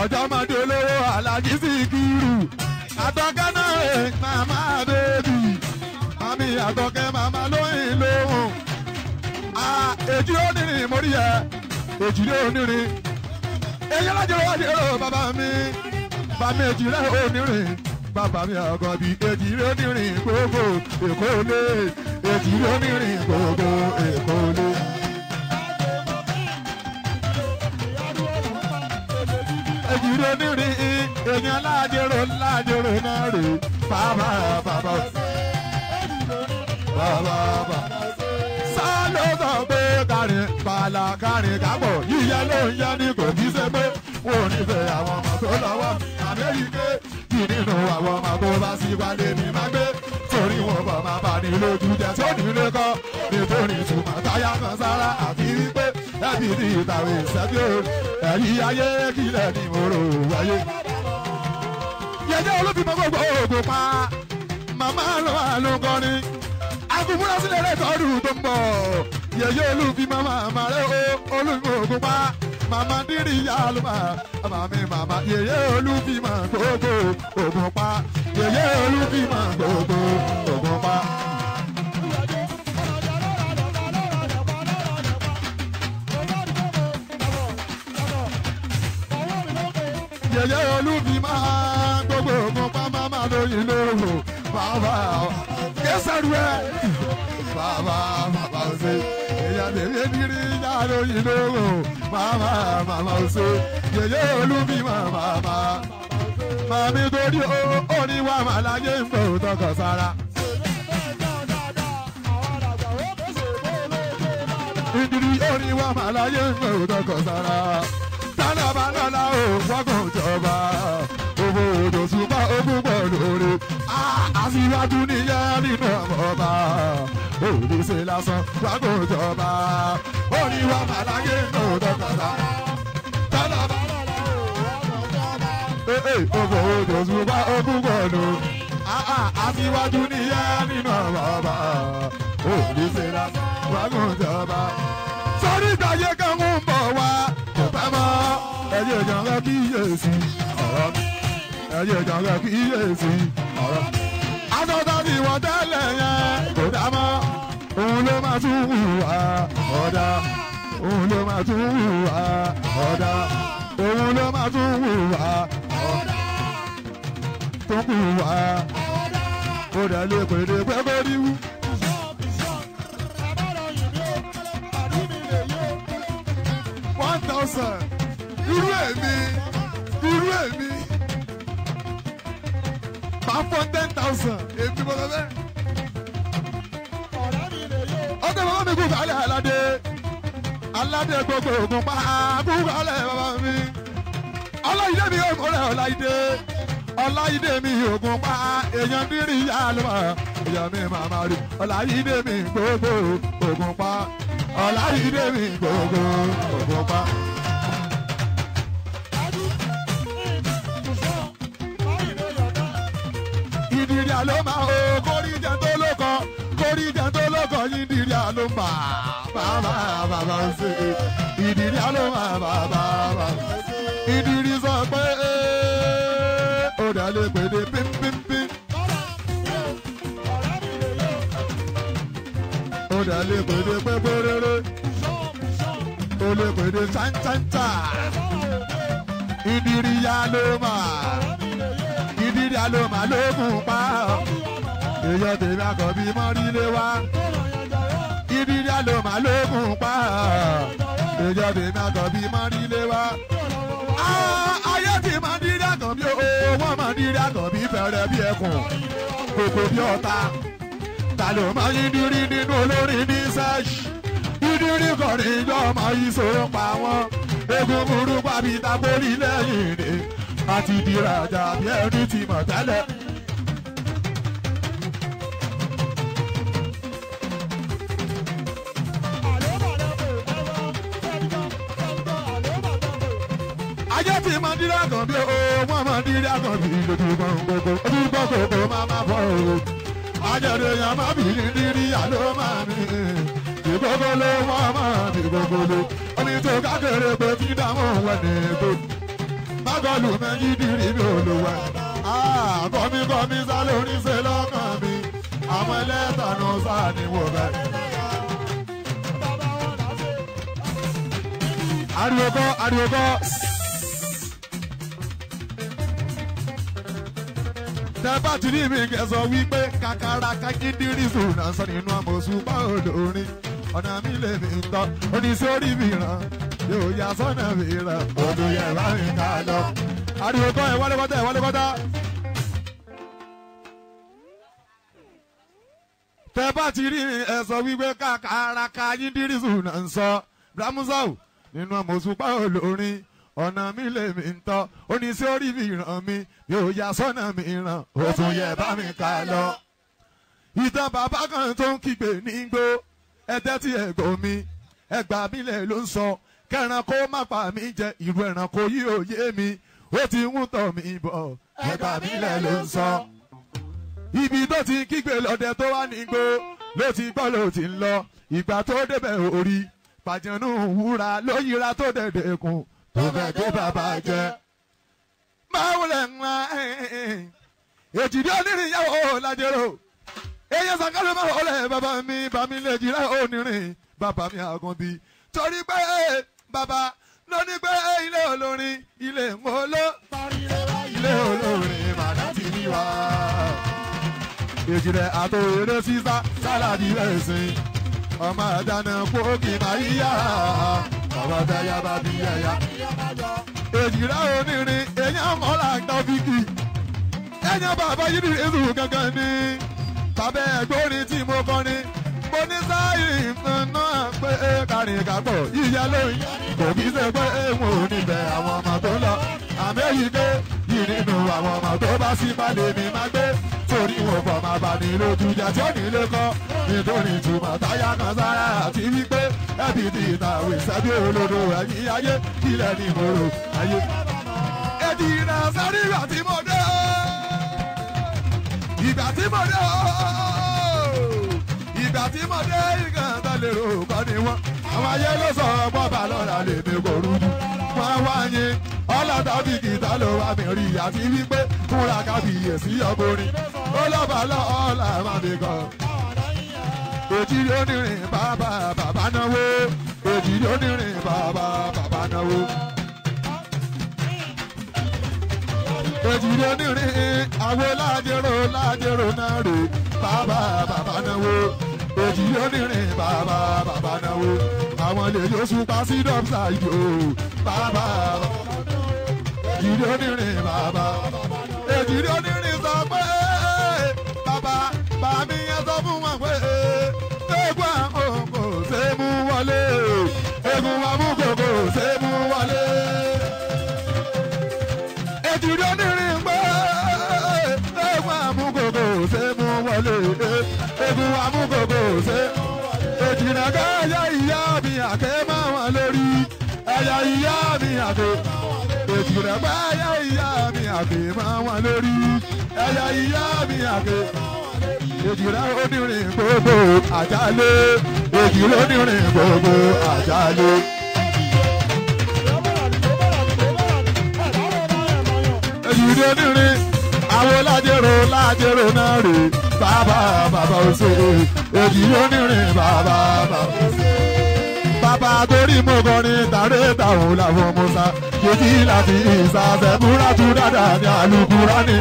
ọjọ́ máa di olówó alájì síkírù àtọ́kẹ́ náà rè màmá bèbí mami àtọ́kẹ́ màmá lóyìn lóhùn. èjì ó nírin mórí ẹ èjì ó nírin ẹ̀yin alájọ wá ní ọ̀rọ̀ bàbá mi bàmí èjìrẹ́ onírin bàbá mi ọ̀gàn bíi èjìrẹ́ onírin gbogbo èkó lé èjìrẹ́ onírin gbogbo èkó lé. èjìrẹ́ onírin ẹ̀yin aládèrò aládèrò náà rè bàbá bàbá bàbá bàbá. rìn kápọ̀ yíyá ló ń yá ní kò kí ṣe pé wọn ò nífẹ̀ẹ́ àwọn ọmọ tó lọ́wọ́ Amẹ́ríkà kì nínú àwọn ọmọ tó bá sí wálé mi máa gbé torí wọn bọ̀ máa bá ní lójú jẹ tó nílé kọ́ nítorí ìtumọ̀ táyà kan sára àti wípé ẹbí ní ìtàwé ìṣẹ́bí òru ẹ̀rí ayé kílẹ̀ ní mòrò wáyé. yẹjẹ olóbìmọ gbogbo oògùn pa màmá lọ́wọ́ àlùkọ́ni àgùnmúrasílẹ̀ rẹ̀ tọ́dún tó ń yẹ̀yẹ́ olúbi màmá màrẹ́ o olúbi ògùn pa màmá dírì yá ló mà àmà mi màmá yẹ̀yẹ́ olúbi mà gbogbo ògùn pa yẹ̀yẹ́ olúbi mà gbogbo ògùn pa. yẹ̀yẹ́ olúbi mà gbogbo ògùn pa màmá lóyún lóhùn bàbá kẹsàn-án rẹ̀ bàbá bàbá ọ̀sẹ̀ lèrè nírí dáró ìdógò màmá màmá ọ̀ṣọ́ yèyé olúbi màmá màmí torí oníwà màláyé ń fẹ́ òótọ́ kan sára. ìdírí oníwà màláyé ń fẹ́ òótọ́ kan sára. tálábà lọ́la ò wọ́gùn jọba owó òdòṣùpá ogún pọ̀ lóore. àṣìwájú nínú ọmọọba òrìṣẹ́ lásán wàgùn ìjọba oníwà màláyé nù dọ́kọ̀tà. Ògbò òjòsùn bá ogún gbọ̀nù. Aṣíwájú nìyẹn nínú ọmọọba òrìṣẹ́ lásán wàgùn ìjọba. Sọ́rí ìgbàyé kan ń bọ̀ wá kò pẹ́ mọ́. Ẹyẹ ìjọba kíyèsí ọ̀rọ̀ mi. Ẹyẹ ìjọba kíyèsí ọ̀rọ̀ mi àtọ́tọ́ ti wọ́n tẹ́lẹ̀ yẹn kò dá mọ́ òun ló máa tún hùwà ọ̀dà òun ló máa tún hùwà ọ̀dà òun ló máa tún hùwà tó hùwà kó dà lè pè é one thousand irú èmi irú èmi máa ten thousand èmi mo lọ bẹ́ẹ̀. ọ̀dọ̀ bàbá mi kú kálẹ̀ aládé aládé gbogbo ògùn pa kú kálẹ̀ bàbá mi. ọláyídé mi yóò kọ́lẹ̀ ọláyídé ọláyídé mi ògùn pa èèyàn dírí yá lọ́wọ́ èèyàn mi màmá rí ọláyídé mi gbogbo ògùn pa ọláyídé mi gbogbo ògùn pa. ló máa o kórí jẹ tó lóko kórí jẹ tó lóko yín dìrí àló mà bàbá bàbá ṣe ìdìrí àló mà bàbá bàbá ìdìrí sọ pé ó dà lè pèdè pínpínpín. ó dà pèdè pépéréré ó lè pèdè ṣáńṣáńṣá ìdìrí yá ló mà. Nàìjíríà ló mà ló mú pa ọ́ èèyàn tèmi àkọ́bí mọ́rílé wá Nàìjíríà ló mà ló mú pa ọ́ èèyàn tèmi àkọ́bí mọ́rílé wá ayé ti máa dírí àkànbí owó máa dírí àkànbí fẹ́rẹ̀ bí ẹkùn kòkò bí ọ̀tá ta ló máa yín dírí nínú olórin ní sẹ́ẹ̀sì dídírí kọrin yọ ọmọ yìí sọ pa wọn egun burúkú àbí tábólì lẹ́yìn rẹ̀ àti ìdírajà bí ẹni tí mọ̀ tẹ́lẹ̀. ayé ti máa ń dídá kan bí o wọ́n máa ń dídá kan bí lójúbọ̀ gbogbo ojúbọ̀ gbogbo máa máa fọ́ o. ajẹ́rẹ́ yẹn máa bì ní dídí àlọ́ máa mi ìgbógbóló wọ́n máa mi gbogbo omi tó kákéré pé fi dáhùn wẹ̀ ní gbogbo bọ́ọ̀lù mẹ́yìndínlẹ́ ah, mi ò lò wá. kọ́mí sá lórí ṣe lọ́kàn mi àwọn ẹlẹ́tàánú sáà ni wò bá. ariwo kọ́ ariwo kọ́. ní mi kẹsàn wípé kàkàrà kákíndínlì sùn náà sọ nínú àmọ̀sùn báwo lórí ọ̀nà mi lè mi tọ́ oníṣẹ́ orí mi ràn yóò yà sọ́nà mìíràn ọdún yẹn bá mi ká lọ. ariwo tó ẹ̀ wálé kọ́tà ẹ̀ wálé kọ́tà. tẹ bá ti rí ẹ sọ wípé kàkàràkà yín dírísù náà ń sọ bramuzau nínú ọmọ òṣùpá olórin ọ̀nà mi lè mi ń tọ́ ó ní sí orí mi ràn mí yóò yà sọ́nà mi ràn ọdún yẹn bá mi ká lọ. ìtàn bàbá kan tó ń kígbe nígbó ẹ̀tẹ́ tí ẹ̀gbọ́n mi ẹgbàá mi lẹ̀ ló ń sọ kẹranko má pa mí jẹ ìlú ẹranko yìí ò yé mi ó ti ń tọ̀ mí bọ̀ ẹ̀bà mi lẹ̀ ló ń sọ. ibi tó ti kígbe lọ́dẹ tó wà nígbó ló ti gbọ́ ló ti ń lọ ìgbà tó débẹ̀ orí pàjánù wúra ló yíra tó dẹ̀dẹ̀ kù tó fẹ́ tó bàbá jẹ. báwo lẹ̀ ń ra èjìdí onírìnyàwó lajẹrò èyí sàkálù máa wọlé bàbá mi bàmí lè jìrá onírin bàbá mi àgùnbí torí pé. Baba, ló ní pé ilé olórin ilé mọ́ló ilé olórin màdá ti ní wá. ìjìnlẹ̀ àtò eré sísá sálàdì rẹ̀ sìn ọmọ àdáná kókì máa yíyá ọ̀rọ̀ dáyà bá bí ẹ̀yà. èjìlá onírin èyàn mọ́lá tọ́fíkì ẹ̀yàn bàbá yìí ní èzù gangan ni bàbá ẹ̀gbọ́n ni tí mo kọ́ ni mo ní sáyìn fúnná pé kárin kápọ̀ yíyá lóyún kò kí ṣe pé wọn ò níbẹ̀ àwọn ọmọ tó lọ àmì èyí dé yìí nínú àwọn ọmọ tó bá sí balẹ̀ mi máa gbé torí wọn bọ̀ máa bà ní lójú jà tí ó nílé kọ́ nítorí ìtumọ̀ táyà kan sára àti wípé ẹbí ti ìtàwé sẹ́bí olódo ẹ̀yìn ayé ilẹ̀ ní ìmọ̀ràn ayé. èdè ìrìnà sẹ́rí ìgbà tí mo dé ìgbà tí mo dé ìgbà tí mo dé ìkan tó lè rò kọ́ ni wọ́n. àwọn ayé ló sọ bọ́bà lọ́ra lè kò rújú. wọ́n wá yín ọlọ́dà bìkì tá ló wá mi rí àti wípé fúnra kábíyèsí ọkùnrin. ó lọ́ba lọ́ọ́ mi kọ́. òjì onírin bàbá bàbá náwó òjì onírin bàbá bàbá náwó. òjìlẹ̀ onírin àwọn lájẹrò lájẹrò náà rè bàbá bàbá náwó èjì lónìrìn bàbá bàbá náwó àwọn lè yóò súpa sí dọ́pítà yìí o bàbá èjì lónìrìn bàbá èjì lónìrìn sọ pé bàbá bàmí yẹn sọ fún wa. àgbè ètùrẹ̀ pẹ́ ẹyẹ ìyá mi àgbè máa wà lórí ẹyẹ ìyá mi àgbè èjìlá onírin gbogbo àjálé èjìlá onírin gbogbo àjálé. èjìlá onírin àwọn lájẹrò lájẹrò náà rè bàbá bàbá òṣèré èjìlá onírin bàbá bàbá bàbá torí mo kọrin tàrẹ́ tàwọn làwọn mo sá yéjì láti ìsàsẹ́ múra tún dáadáa ní àlùkùrá ni.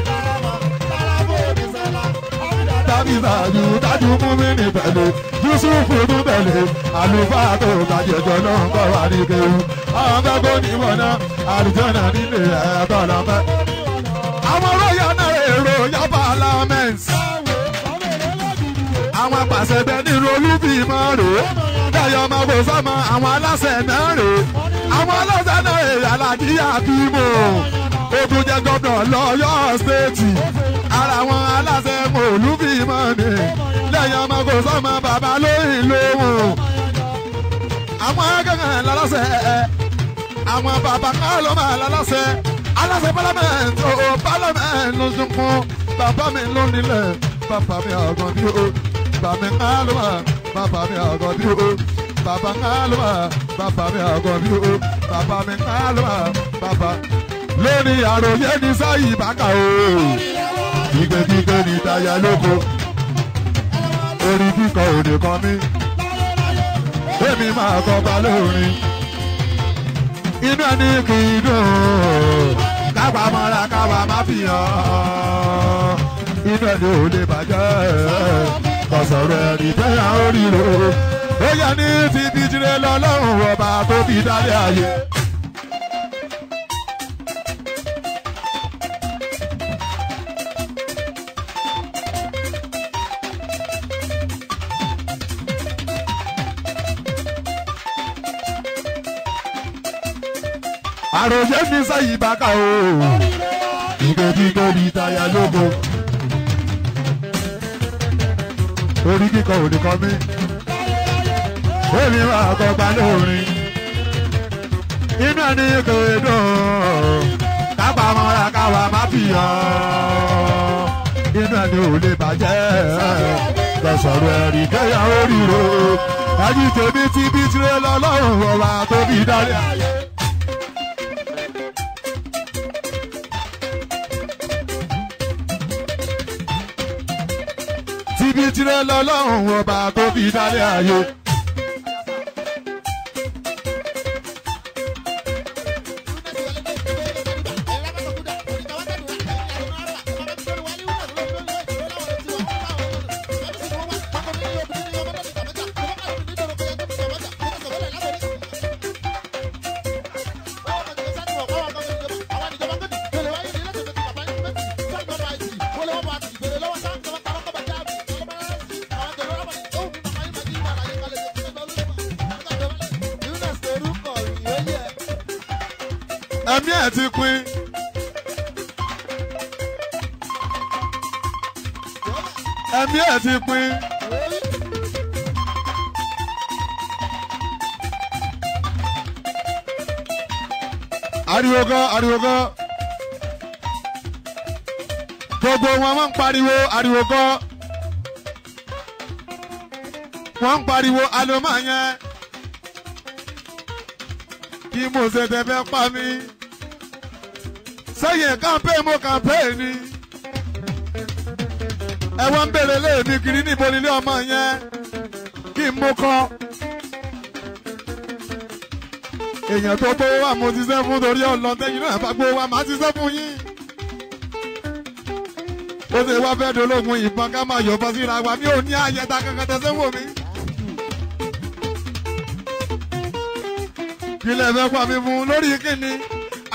tábìsà ju tájú mú mi ní pẹ̀lú Yúsúfù tún tẹ̀lé àlùfáà tó tàjẹjọ náà ń bọ̀ ní kéwù. àwọn fẹ́ ní wọn náà àlùjọ́nà nílé ẹ̀ẹ́dọ́ la fẹ́. àwọn róyà náà èrò yaba alamẹ́ǹsì. àwọn àpàṣẹ bẹ́ẹ̀ ni rolú fi ọmọ kò sọmọ àwọn aláṣẹ náà rè àwọn aláṣẹ náà rè aláàdíyà bímọ ogun jẹ gọdọ lọ́yọ̀ ṣéètì ara wọn aláṣẹ mòlúbímọ ni lẹ́yìn ọmọ kò sọmọ bàbá lóyìn lóhùn àwọn akẹ́kọ̀ọ́ lálásẹ àwọn bàbá kan ló máa lálásẹ aláṣẹ parliament o parliament ló sunkún bàbá mi ló nílẹ̀ bàbá mi àgàn bí o bàbá mi kan ló máa bàbá mi àgàn bí o. Baba ńkálùmá baba mi àgọ́ mi o bàbá mi ńkálùmá bàbá lórí àròyé ní sáyì baka o ìgbẹ́gbẹ́ ní ìdáyà lóko orí kíkọ òde kan mi èmi máa kọ́ balórin inú ẹni kì í dùn kápá mọ́ra káwa má fi hàn inú ẹni ò lè bàjẹ́ ọ̀sọ̀rọ̀ ẹni fẹ́ràn oríro ó yẹ ní ti bí jíire lọ́lọ́run ọba tó fi dálé ayé. àròjẹ́ fi sẹ́yìn bàkà o ìgbèjì tóbi táyà lógo orí kíkọ òní kan mí èmi máa kọpa lórin inú ẹni kò dùn kápá mọ́ra káwa má fi hàn inú ẹni ò lè bàjẹ́ lọ́sọ̀rọ̀ ẹ̀rí kẹ́yàn oríro ẹ̀yìn tèmi ti bí tirẹ̀ lọ́lọ́run ọba tó bí dárí ayé. ti bí tirẹ̀ lọ́lọ́run ọba tó bí dárí ayé. ẹ̀mí ẹ̀ ti pin. ẹ̀mí ẹ̀ ti pin. ariwo gan ariwo gan gbogbo wọn wọn ń pariwo ariwo gan wọn ń pariwo alomọ kí mo ṣe tẹ fẹ́ pa mí yẹn campaign mo campaign ni. ẹ wá ń bèrè léèmí kiri níbo nílé ọmọ yẹn kí n mú kọ́. èèyàn tó gbówó wà mo ti sẹ́ fún torí ọlọ́tẹ́yìn náà bá gbówó wà má ti sẹ́ fún yín. ó ṣe wá fẹ́ dológun ìbọn ká máa yọ̀bọ síra wa mi ò ní àyẹ̀dá kankan tẹ́sẹ̀ wò mí. kílẹ̀ fẹ́ pa mi fún lórí kíni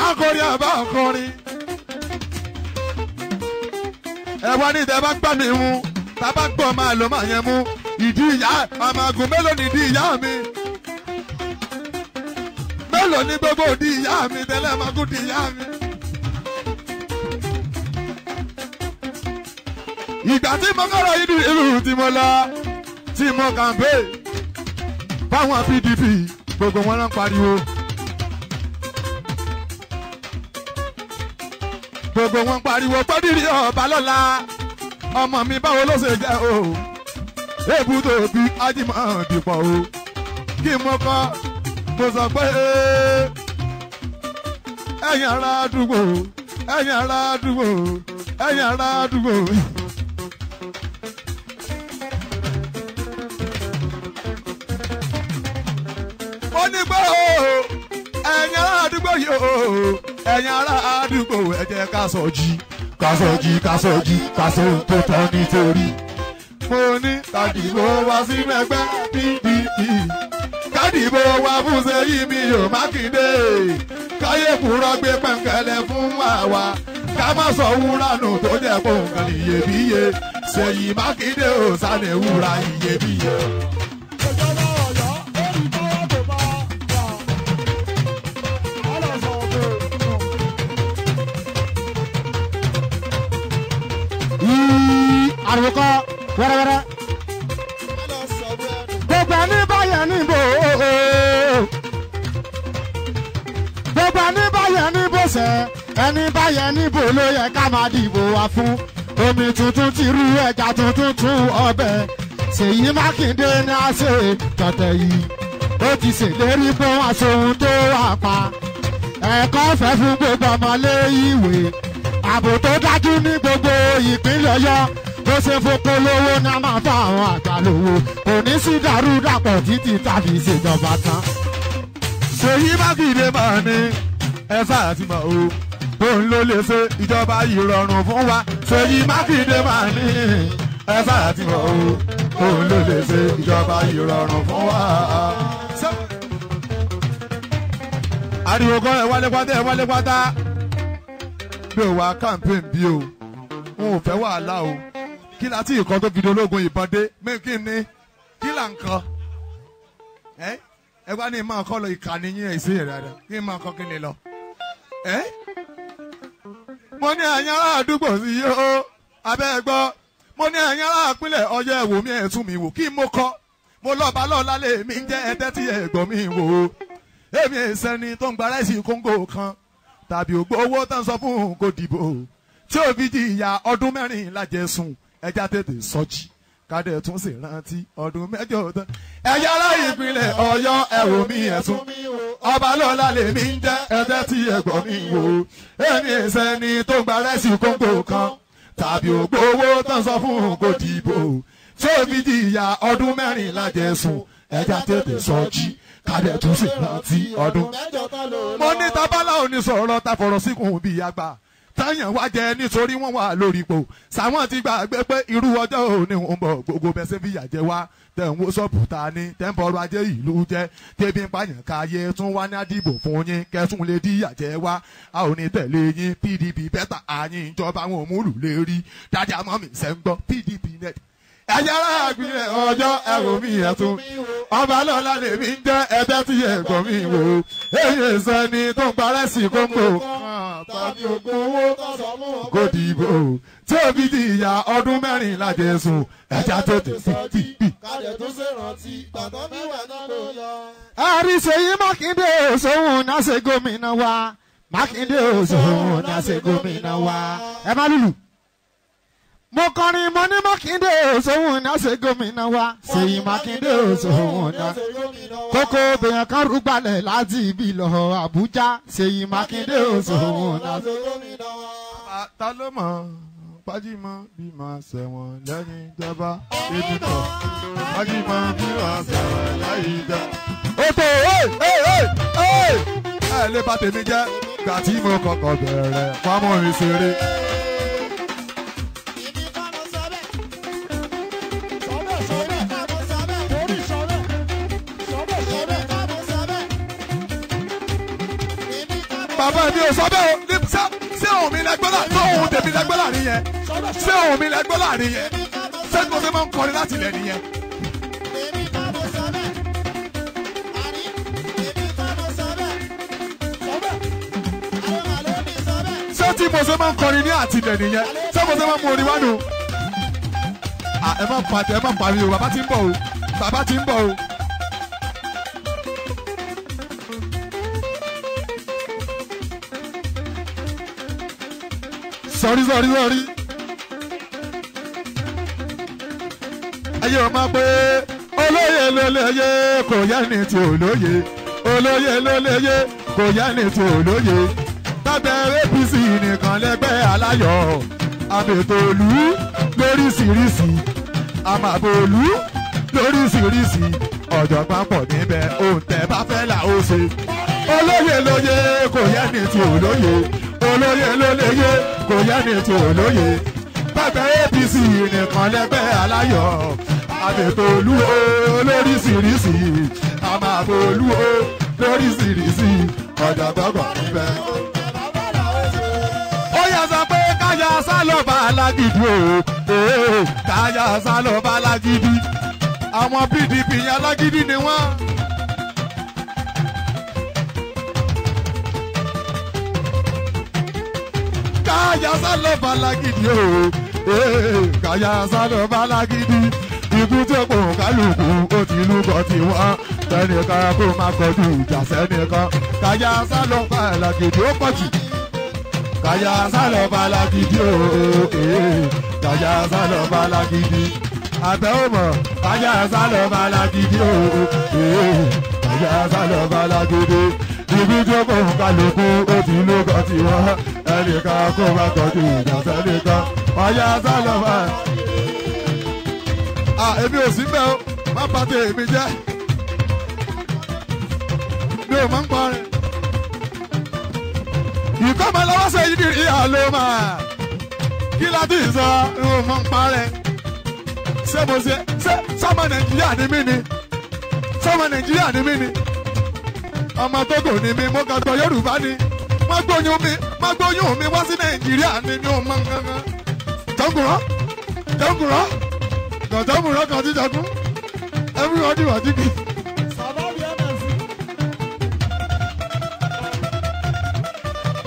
akọrin àbá akọrin ẹ wá ní ìtẹ́ bá gbà mí mu tábà gbọ́ máa lọ máa yẹn mu ìdí ìyá àmàgùn mélòó ni ìdí ìyá mi mélòó ni gbogbo ìdí ìyá mi tẹ́lẹ̀ àmàgùn ìdí ìyá mi. ìgbà tí mo kọ́ra yìí irú tí mo lọ tí mo kàmpé báwọn PDP gbogbo wọn náà pariwo. gbogbo wọn pariwo pọ́dìrì ọba lọ́la ọmọ mi báwo ló ṣe jẹ́ o èébú tó bí ájímọ̀ dìpọ̀ o kí mo kọ́ mo sọ pé ẹ̀yin ará àdúgbò ẹ̀yin ará àdúgbò ẹ̀yin ará àdúgbò. ó ní pé o ẹ̀yin àdúgbò yìí o. ẹ̀yin ará àdúgbò ẹ jẹ́ ká sọ jí ká jí ká jí ká tó nítorí. mo ní kàdìbò wá sí mẹ́gbẹ́ PDP kàdìbò wá fún Ṣèyí mi yóò Mákindé káyé gbé pẹ̀ǹkẹ́lẹ́ fún àwa ká má sọ wúrà tó jẹ́ kó iyebíye Ṣèyí Mákindé ò àrùkọ wẹ́rẹ́wẹ́rẹ́. gbogbo ẹni báyẹn níbo gbogbo ẹni báyẹn níbo sẹ ẹni báyẹn níbo ló yẹ ká máa dìbò wá fún omi tuntun ti rú ẹja tuntun tún ọbẹ̀ Ṣèyí Mákindé ní àṣẹ tọ̀tẹ̀ yìí ó ti ṣèlérí pé wọn aṣohun tó wà pa ẹ̀kọ́ fẹ́ fún gbogbo ọmọlé ìwé ààbò tó dájú ní gbogbo ìpínlẹ̀ Ọ̀yọ́ bó ṣe fowó lówó náà máa bá àwọn àgbà lówó kò ní sí dàrúdàpọ̀ títí tàbí ìṣèjọba tán. Ṣèyí Mákindé máa ní ẹ sáà ti mọ̀ o òun ló lè ṣe ìjọba yìí rọrùn fún wa Ṣèyí Mákindé máa ní ẹ sáà ti mọ̀ o òun ló lè ṣe ìjọba yìí rọrùn fún wa. ariwo kan ẹ wálé pátá ẹ wálé pátá bí o wá campaign bí o n ò fẹ́ wàhálà o kí la ti nǹkan tó fi dológun ìbọn dé mí kí ni kí là ń kọ ẹ ẹ wá ní máa kọ́ lọ ìkànnì yín ẹ̀ sí ìrẹ́rẹ́ kí n máa kí ni lọ ẹ mo ní àyàn ará àdúgbò sí yìí ó abẹ́ ẹ gbọ́ mo ní àyàn ará àpínlẹ̀ ọjọ́ ẹ̀wò mi ẹ̀ tún mi wò kí mo kọ́ mo lọ́ba lọ́la lè mi jẹ́ ẹ̀tẹ́ tí ẹ̀gbọ́n mi wò ó èmi ìsẹ́ni tó ń gba ráìsì kóńgò kan tàbí ògbó owó tó ń sọ fún kò dìbò tí òbí jìyà ọdún mẹ́rin lájẹsùn ẹja tètè sọjí kádẹ tún sì rántí ọdún mẹ́jọ tán. ẹ̀yà aláì ìpínlẹ̀ Ọ̀yọ́ ẹ̀wò mi ẹ̀sùn ọba lọ́la lèmi ń jẹ́ ẹ̀jẹ̀ tí ẹ̀gbọ́n mi wò èmi ìsẹ́ni tó gba rẹ́sì kóńgò kan tàbí ògbówó tán sọ fún un kò dìbò tí ó fi jìyà ọdún mẹ́rìnlá jẹ̀sùn ẹ̀já tètè sọjí kádẹ tún sì rántí ọdún. mo ní tabalá òní sọ̀rọ̀ ta fọ̀rọ̀ síkùn bíi àgbà táyàn wá jẹ nítorí wọ́n wà lórí ipò sàwọn ti gbàgbé pé irú ọjọ́ òní ń bọ̀ gbogbo bẹ́sẹ̀ fi yà jẹ wá tẹ̀ ń wó sọ́ọ̀bù ta ni tẹ̀ ń bọ̀rọ̀ ajé ìlú jẹ́ tẹ̀bí ń pààyàn ká tún wá ní àdìbò fún yín kẹtùn lè dí ìyàjẹ́ wá a ò ní tẹ̀lé yín PDP bẹ́tà àyìn ìjọba àwọn òmùlù lè rí dájà mọ́mì sẹ́ ń gbọ́ PDP net ẹ̀yára àgbìlẹ̀ ọjọ́ ẹ̀rù mi ẹ̀tún ọba lọ́la lèmi ń jẹ́ ẹgbẹ́ tí ẹ̀gbọ́n mi wò èyí sẹ́ni tó ń parẹ́ sí kóńgò tàbí ògùn owó kò dìbò tí òbí ti ìyá ọdún mẹ́rìnlá jẹ̀sùn ẹja tó tẹ̀sí tì bì. kálẹ̀ tó ṣe rántí bàbá mi wà náà ló lọ. àríṣeyí mákindé òṣòwò náà ṣe gómìnà wa mákindé òṣòwò náà ṣe wa ẹ mo kọrin mo ní mákindé òṣòwò ní àṣẹ gómìnà wa ṣèyí mákindé òṣòwò ní àṣẹ kókó obìnrin kan rúgbalẹ̀ láti ibi lọ àbújá ṣèyí mákindé òṣòwò ní àṣẹ gómìnà wa. ta ló mọ̀ fájímọ́ bí máa ṣẹ̀wọ̀n lẹ́yìn ìjọba ebi mọ̀ fájímọ́ bí máa ṣẹ̀wọ̀n lẹ́yìn ìjọba. ètò ẹ lè bà tèmi jẹ́ gbà mo kọ́kọ́ bẹ̀rẹ̀ fámọ́rin ṣeré. bàbá mi ò sọ bẹ́ẹ̀ ní sẹ́ ṣé òun mi lẹ́gbẹ́ láàrin tó òun tèmi lẹ́gbẹ́ láàrin yẹn ṣé òun mi lẹ́gbẹ́ láàrin yẹn ṣé tí mo ṣe máa ń kọrin láti ilẹ̀ nìyẹn. ṣé tí mo ṣe máa ń kọrin ní àtìlẹ̀ nìyẹn ṣé mo ṣe máa ń mú orin wánu. ẹ má pàtẹ ẹ má pariwo bàbá ti ń bọ̀ o bàbá ti ń bọ̀ o. sorry, sorry. sọrí. ayé ọmọ pé olóyè lólóyè kò yá ní ti olóyè olóyè lólóyè kò yá ní ti olóyè lábẹ́ APC nìkan lẹ́gbẹ́ aláyọ̀ àbètòlú lóríṣiríṣi àmàbòlú lóríṣiríṣi ọ̀jọ̀gbọ́n pọ̀ níbẹ̀ ohun tẹ́ bá fẹ́ là ó ṣe olóyè lóyè kò yá ní ti olóyè olóyè lólóyè kò yẹ́ni tí olóyè bàbá APC nìkan lẹ́gbẹ́ aláyọ̀ àbẹ̀tòlú olóríṣiríṣi àmàbòlú olóríṣiríṣi ọ̀dàgbọ́gbọ̀ níbẹ̀. ó yẹ sọ pé káyà sálọ̀bà alágídí o káyà sálọ̀bà alágídí àwọn PDP yẹn alágídí ni wọ́n. káyà sálọ balagidi o eh, káyà sálọ balagidi ikú tó kò kálukú ó ti lúgọ tiwọn tẹnìkan kó má kọjú ìjà sẹ́nìkan káyà sálọ balagidi ó pọ̀ jù káyà sálọ balagidi o eh, káyà sálọ balagidi àtẹ̀wọ̀mọ̀ káyà sálọ balagidi o eh, káyà sálọ balagidi ibi tó kò kálukú ó ti ti tiwọn ẹnìkan kó má tọ́jú ìjà sẹ́nìkan ọ̀yà sálọ̀fà. à èmi ò sí bẹ́ẹ̀ o má bà èmi jẹ́ mi ò máa ń parí. ìkọ́mọ lọ́wọ́ sẹ́yìn ní ìhà ló máa kí láti sọ n ò máa ń parí. ṣé mo ṣe ṣé sọmọ nàìjíríà ni mí ni sọmọ nàìjíríà ni mí ni ọmọ tókò ni mí mo kàn tọ yorùbá ni. má gbóyún mi má mi wá sí nàìjíríà ni mi kan ti jagun everybody wà dígí.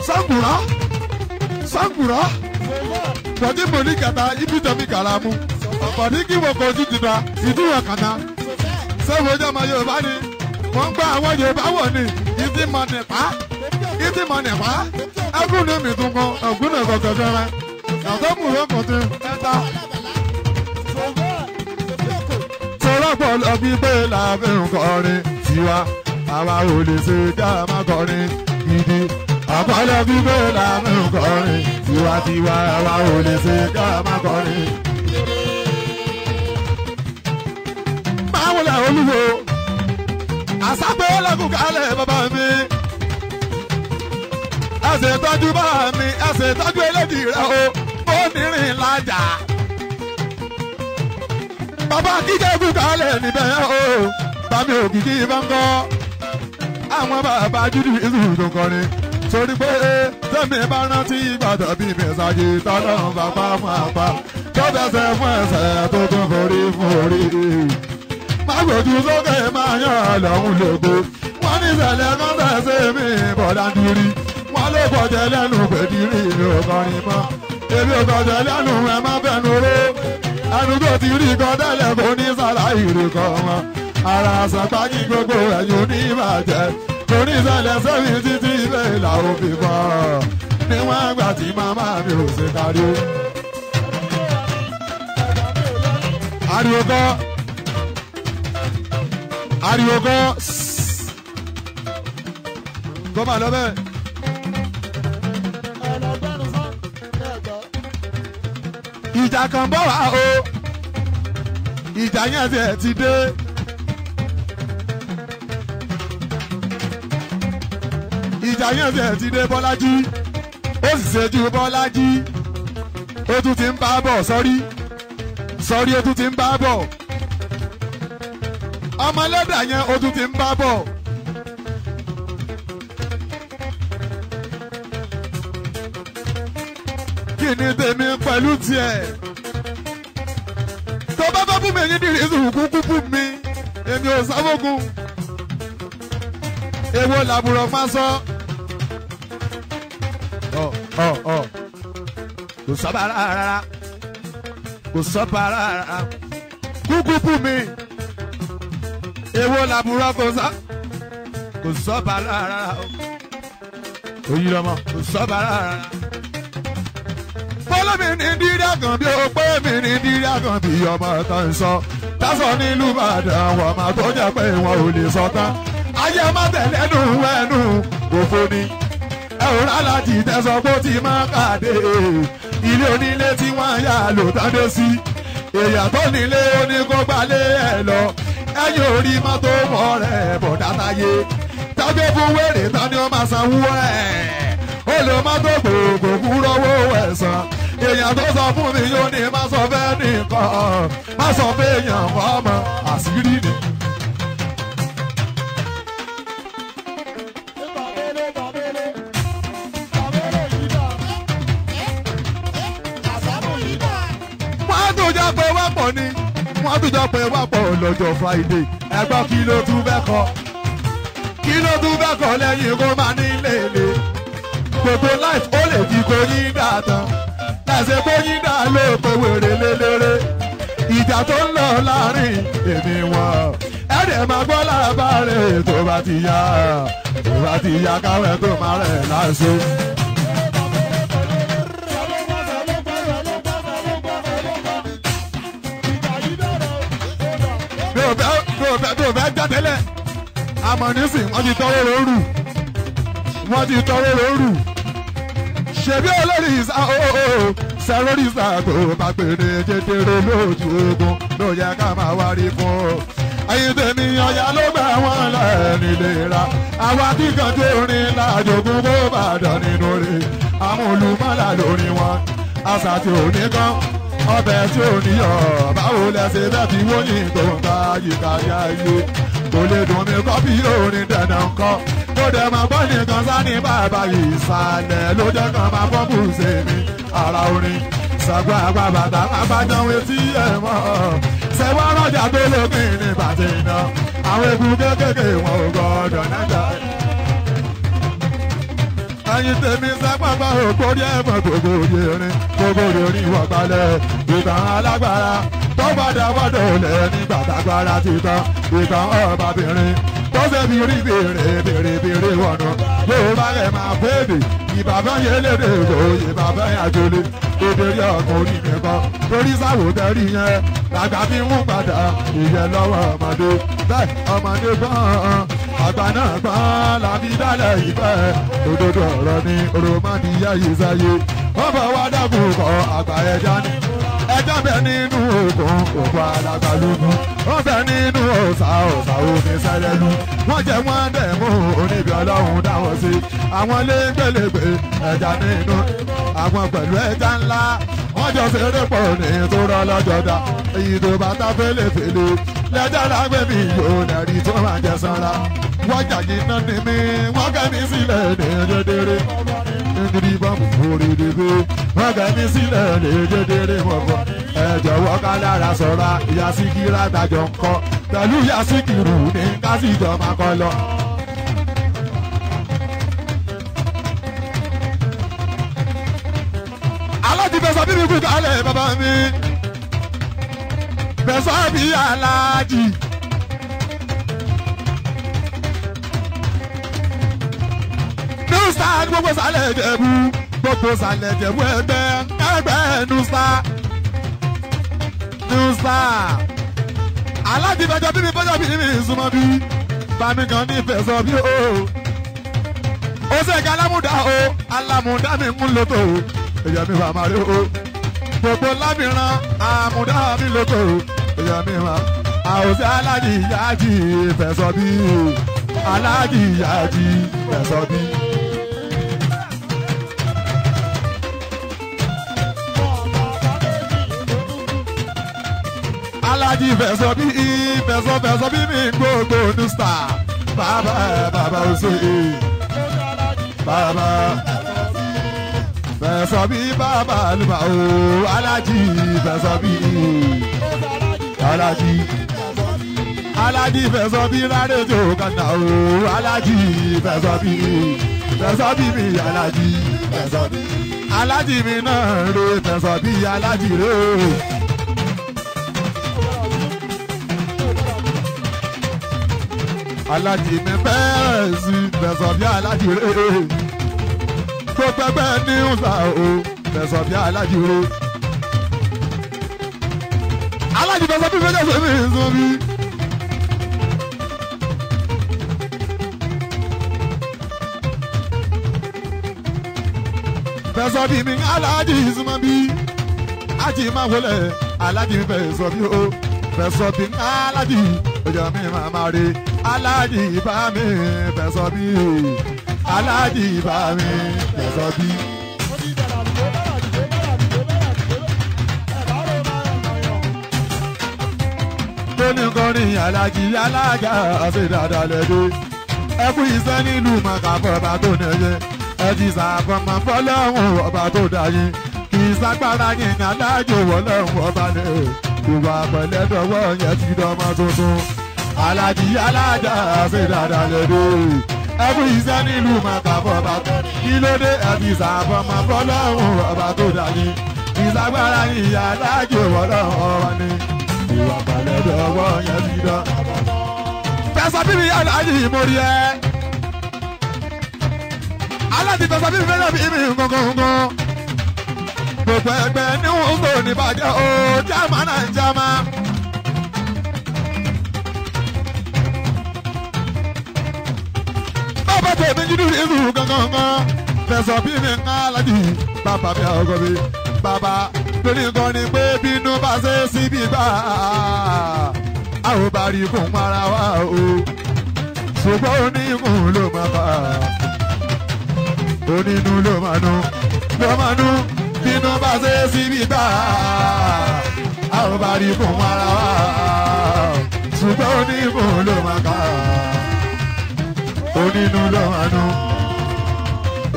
sangura sangura bọ̀dí mọ̀lì kàtà ibi tẹ̀mí kàràmù bọ̀dí kí wọ́n kọ́ ojú tìta ìdúró kàtà sẹ́wọ̀n ọmọ yorùbá ni wọ́n àwọn yorùbá ni ìdí plenty money pa every name is dungun ọgbọnọ ẹgbọgbẹ fẹrẹ yàtọ̀ múlò kùtù ẹta. sọ̀rọ̀ pọ̀ lọ bí pé làbẹ́ nkọrin tiwa àwa ò lè ṣe ká má kọrin gidi. àpọ̀lọ́ bí pé làbẹ́ nkọrin tiwantiwa àwa ò lè ṣe ká má kọrin. máa wọlé olúwo àṣà pé lọ́kùnkálẹ̀ bàbá mi ẹsẹ̀ tọ́jú bá mi ẹsẹ̀ tọ́jú elédìí rẹ o ó nírìn lájà. bàbá kíkẹ́ kúkálẹ̀ níbẹ̀ o bàmí òkìkí báńkọ́ àwọn bàbá júdù ìṣù tó kọrin torí pé tẹ́mi bá rántí ìbàdàn bí mi ṣàyè tọ́lọ́ bàbá fún apá tó fẹsẹ̀ fún ẹsẹ̀ tó tún forí fún orí. má gbòjú sókè máa yàn án lọ́hùn lógo wọ́n ní ìṣẹ̀lẹ̀ kan tẹ̀sí mi bọ̀dá dúrí kọ̀jẹ́ lẹ́nu gbèdìrí mi ò kọrin mọ́ èmi ò kọ̀jẹ́ lẹ́nu ẹ má bẹ̀nu ró ẹnu tó ti rí kan tẹ́lẹ̀ kó ní sára ìrì kan wọn ara àṣàpá kí gbogbo ẹ̀yìn oníbàjẹ́ kò ní ìṣẹ̀lẹ̀ sẹ́mi títí ilé ìlà òfin bọ̀ níwọ̀n àgbà tí màmá mi ò ṣe kárí. ariwo kọ́ ariwo kọ́ kọ́ máa ìjà kan bọ̀ wá o ìjà yẹn tiẹ̀ ti dé. ìjà yẹn tiẹ̀ ti dé Bọ́lájí ó sì ṣe ju Bọ́lájí ó tún ti ń bá bọ̀ sọ́rí sọ́rí ó tún ti ń bá bọ̀ ọmọlẹ́dà yẹn ó tún ti ń bá bọ̀. ní tèmi pẹ̀lú tiẹ̀ tó bá bá bú mi ní dìrí sùn kúkú mi èmi ò sábògùn èwo làbùrọ̀ fásọ. ọ ọ ọ kò sọ́ba rárá kò sọ́ba rárá kúkú bú mi èwo làbùrọ̀ kò sá kò sọ́ba rárá o. òyìnbó kò sọ́ba rárá olómi ní dídá kan bí ó pé mi ní dídá kan bí ọmọ tán sọ tásọ nílùú Ìbàdàn wọn máa tó jẹ pé wọn ò lè sọ tán ayé má tẹ̀lé nù ẹnu òfo ni ẹ ò rà láti tẹ̀sán kó ti máa kàdé ilé onílé tí wọ́n yà lò dáńdé sí èèyàn tó nílé oníkógbálé ẹ lọ ẹ̀yìn orí má tó mọ̀ rẹ̀ bọ̀ dátáyé tábí fún wèrè tani ó máa sanwó ẹ̀ ó lè kúrọ́wọ́ ẹ̀sán èèyàn tó sọ fún mi yóò ní má sọ fẹ́ nìkan má sọ pé èèyàn wà mọ́ àṣírí ni. wọ́n tún jẹ́ pé wọ́n pọ̀ ni wọ́n tún jẹ́ pé wọ́n pọ̀ lọ́jọ́ Friday ẹgbọ́n kí ló tún bẹ́ẹ̀ kọ́ kí ló tún bẹ́ẹ̀ kọ́ lẹ́yìn kó máa ní lèlè gbogbo life ó lè fi kò ní gbà àṣẹ pé yídà ló kó wèrè lélẹ́rẹ́ ìjà tó ń lọ láàrin èmi wọn ẹ̀rẹ̀ máa gbọ́ làbá rẹ̀ tó bá ti yá tó bá ti yá káwé tó máa rẹ̀ láṣọ. tó fẹ́ jádẹ́lẹ̀ amọ̀nísìn wọ́n ti tọ́wọ́ lóru wọ́n ti tọ́wọ́ lóru ṣèbí olórí ìsà ooo. Oh, oh, oh sẹ́rọ́rìsà tó bá pèrè jẹjẹrẹ lójú ogun ló yẹ ká máa wárí fún ọ. Ayíǹdèmí ọ̀yà ló gbà wọ́n lẹ́ẹ̀ni lera. Àwa kíkan tó rin lájogún bó bá dàn nínú rè. Àwọn olùmọ̀là lórí wọn. Àṣà tí ò ní kán. Ọbẹ̀ tí ò ní yọ̀. Báwo lẹ ṣe bẹ́ẹ̀ fi wóyìn tó ń ta yíká yá iye? Kò lè dùn mí kọ́ bí orin dandan kọ́ mo dẹ̀ máa bọ́ nìkan sani bàbá ìsàlẹ̀ ló jẹ́ kan máa fọ́ bùsè mi ara orin sọgbà àgbà bàtà máa bá dán etí ẹ̀ mọ́ sẹ́wọ́n rọ́jà gbé lókè ní bàtì iná àwọn egun kéékèèké wọn ò gbọ́dọ̀ nájà. ẹyin tèmi sápàpà òkórí ẹ̀fọn gbogbo òye orin gbogbo òye orin ìwọ̀ gbalẹ̀ ìgbà alágbára tó padà wọ́dọ̀ lẹ́ni bàtàgbára ti tán ìgbà ọ̀bàbìnrin ọ̀sẹ̀ mi rí bèrè bèrè bèrè wọ̀nà yorùbá rẹ̀ máa bèbè ìbàbá yẹn lédè òye bàbá yẹn àjọlé òdèrè ọkàn onígbẹ̀kọ torí sáwò tẹ́rí yẹn làgbà fi mú padà ìyẹn lọ́wọ́ ọmọdé bẹ́ẹ̀ ọmọdé gbọ́n àgbà náà gbọ́n làbí dálẹ̀ ìfẹ́ òdodo ọ̀rọ̀ ni romani yẹ́ yìí sáyé wọ́n fẹ́ wá dábùkọ̀ àgbà ẹja ni ẹja bẹ nínú ogun òkú alágbálúgún wọn bẹ nínú ọ̀sà ọ̀sà omi sẹ́lẹ̀lú wọn jẹ wọn dẹ̀mú oníbi ọlọ́run dáwọn sí àwọn lẹ́gbẹ̀lẹ́gbẹ̀ ẹja nínú àwọn pẹ̀lú ẹja ńlá wọn jọ ṣeré pọ̀ ní tó rọ́ lọ́jọ́ dá èyí tó bá ta fẹ́lẹ́fẹ́lẹ́ lẹ́jọ́ lágbẹ̀mí yóò nẹ̀rí tó máa jẹ sanra wọ́n jà yín náà ní mi wọ́n kẹ́ mi sílẹ̀ ní dédéré gidi bá mú forí dèbè mọ́gà mi sílẹ̀ lè dédéré mọ̀gbọ́n ẹ jọ̀wọ́ ká lára sọ̀ra ìyá síkírà tàjọ ń kọ́ pẹ̀lú ìyá ní kásìjọ máa kọ́ lọ. aláàjì fẹsọ̀ bíbí kú kálẹ̀ bàbá mi fẹsọ̀ bí aláàjì. star gbogbo sàlẹ̀ ìjẹ̀bú gbogbo sàlẹ̀ ìjẹ̀bú ẹgbẹ́ ẹgbẹ́ new star new star aláàbí bẹjọ bíbí bẹjọ bíbí mi súnmọ́ bí bami kan ní ìfẹ́ bí o ó ṣe ká alámúdá o alámúdá mi ń lò tó o èyà mi wà máa rí o gbogbo lámìíràn àmúdá mi lò tó o èyà mi wà àwòsí aláàjì yáàjì ìfẹ́ sọ bí o aláàjì yáàjì ìfẹ́ bí o. alájí fẹsọ bí fẹsọ fẹsọ bí mi gbogbo new star bàbá bàbá oṣù yìí bàbá fẹsọ bí bàbá àlùbà o alájí fẹsọ bí alájí alájí fẹsọ bí rárẹjò kànáà o alájí fẹsọ bí fẹsọ bí mi alájí fẹsọ bí alájí mi náà rè fẹsọ bí alájí rè o. alájì ní bẹ́ẹ̀ sí tẹ̀sán bí alájì rè tó pẹ́pẹ́ ní ńlá o tẹ̀sán bí alájì rè. alájì tẹ̀sán bí fẹ́jọ́ sẹ́mi sọ bí. tẹ̀sán bí mi alájì sọmọ bí ají máa wọlé alájì fẹ́ bí o tẹ̀sán bí alájì ọjọ́ mi máa ma rí aláàjì bá mi fẹ̀sọ̀ bí aláàjì bá mi fẹ̀sọ̀ bí. tóní kọrin aláàjì aláàjà àfi dáadáa lẹ́dẹ́ ẹ kú iṣẹ́ nílùú màkàfọ́ ọba tó nẹ̀yẹ ẹ ti sàfọ̀mọ́ fọlọ́hún ọba tó dá yín kì í sagbára yín aláàjò wọlọ́hún ọba lẹ́yìn ìwà pẹ̀lẹ́ dọ̀wọ́ yẹn ti dọ́mọ tuntun alájí alájà ṣe dáadáa lẹ́dọ̀ ẹkún iṣẹ́ nílùú màkà fọba kí ló dé ẹbí ìsàfọmọ fọlọ́run ọba tó dání ìsagbára ìyá alájò wọlọ́run ọba ni ìwà pẹ̀lẹ́ dọ̀wọ́ yẹn ti dọ́. fẹsọ̀ bíbí alájí ìmórí ẹ alájí fẹsọ̀ bíbí fẹsọ̀ bíbí nǹkan kan kan gbogbo ẹgbẹ́ níwọ̀n kò ní bàjẹ́ o jama náà ń jama. bàbá tèmi jíjú ìlú gangan kan fẹsọ̀ bí mi ń alájì bàbá mi àwòkọ́ mi bàbá lórí nǹkan ni pé bínú bá ṣe síbi gbà á ò bá rí fún ara wa o ṣùgbọ́n onígun ló máa bá onínú ló máa nú ló máa nú iná bá ṣe síbi bá a ò bá rí fún ara wa ṣùgbọ́n onímù ló máa kà onínú ló máa nù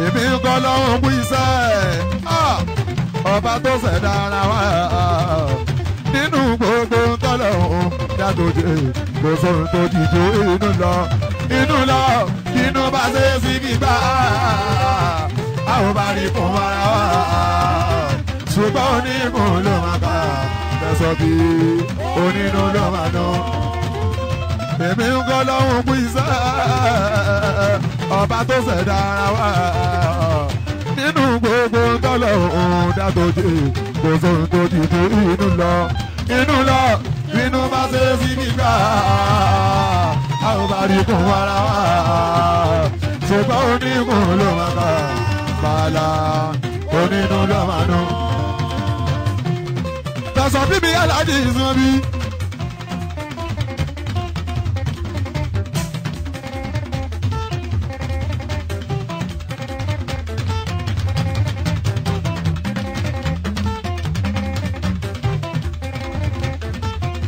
èmi ń kọ́ lọ́wọ́ mú iṣẹ́ ọba tó ṣẹ̀dá ara wa nínú gbogbo tọ́lọ̀ òun dátòjé kò sóhun tó dìjọ inú lọ inú lọ inú bá ṣe síbi bá a ò bá rí fún ara wa ṣùgbọ́n onímù ló máa kà lẹ́sọ̀ bí onínú ló máa nà èmi ń kọ́ lọ́hùn pín iṣẹ́ ọba tó ṣẹ̀dá ara wa nínú gbogbo tọ́lọ̀ òun dátòjì kò sóhun tó ti tó inú lọ inú lọ inú bá ṣe sí gbígbà a bá rí fún wa ṣùgbọ́n onímù ló máa kà ìbàlà onínú lọ́màánú. tẹ̀sán bíbí aláàjì ìsan bí.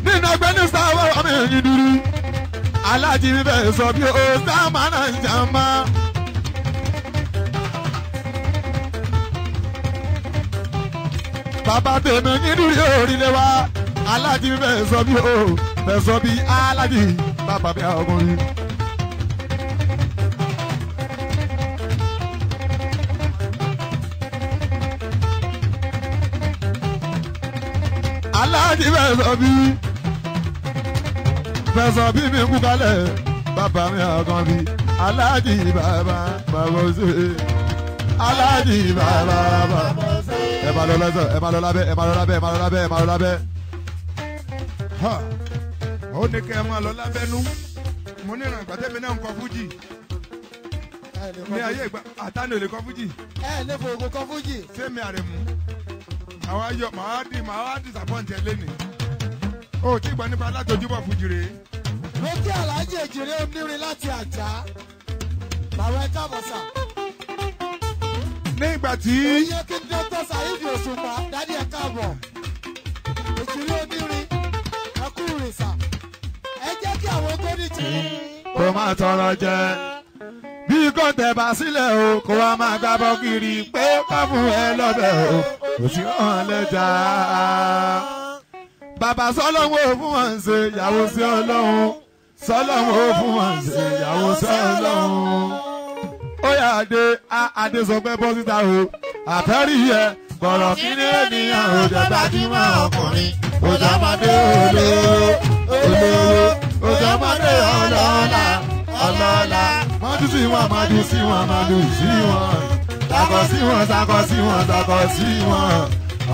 nínú ọgbẹ́ ní sáwọ́ ọmọ ẹ̀yìn dúró aláàjì bẹ́ẹ̀ sọ bí ó sáà máa ń jàmbá. bàbá tèmi nínú rí orílẹ̀ wa alájí bẹ́ẹ̀ sọ bí o bẹ́ẹ̀ sọ bí alájí bàbá mi àwọn ọkùnrin. alájí bẹ́ẹ̀ sọ bí bẹ́ẹ̀ sọ bí mi kú kalẹ̀ bàbá mi àwọn ọkùnrin alájí bàbá bàbá ṣe alájí bàbá bàbá ẹ máa lọ lọ́sọ̀ ẹ máa lọ lábẹ́ ẹ máa lọ lábẹ́ ẹ máa lọ lábẹ́ ẹ máa lọ lábẹ́. ó ní kẹ́ ẹ máa lọ lábẹ́nú mo ní ìrànlọ́gbà tẹ́mi náà ń kọ fújì ní ayé ìgbà àtàní ò bàbá ẹ káàbọ̀ ní ìgbà tí. oyè kí ni dókítà Saheed Òṣùpá dádì ẹ káàbọ̀ òṣèré onírin ẹ kú rìnsà ẹ jẹ́ kí àwọn gómìnà ti rí. kò máa tọrọ jẹ bí kò bá sílẹ̀ o kò wá máa gbábọ́ kiri pé ká fún ẹ lọ́bẹ̀ o kò hàn lẹ́jà. bàbá sọlọ́wọ́ fún wọn ṣe ìyàwó sí ọlọ́run sọlọ́wọ́ fún wọn ṣe ìyàwó sí ọlọ́run adé adé sọ pé bọ́ síta o àtẹ́rí yẹ kọ̀rọ̀ kí ni ènìyàn ò jẹ́gbà kí mọ́ ọkùnrin òjàmọ́dé olè olè òjàmọ́dé ọlọ́ọ̀la ọlọ́ọ̀la mọ́tú sí wọn mọ́tú sí wọn mọ́tú sí wọn sakọ sí wọn sakọ sí wọn sakọ sí wọn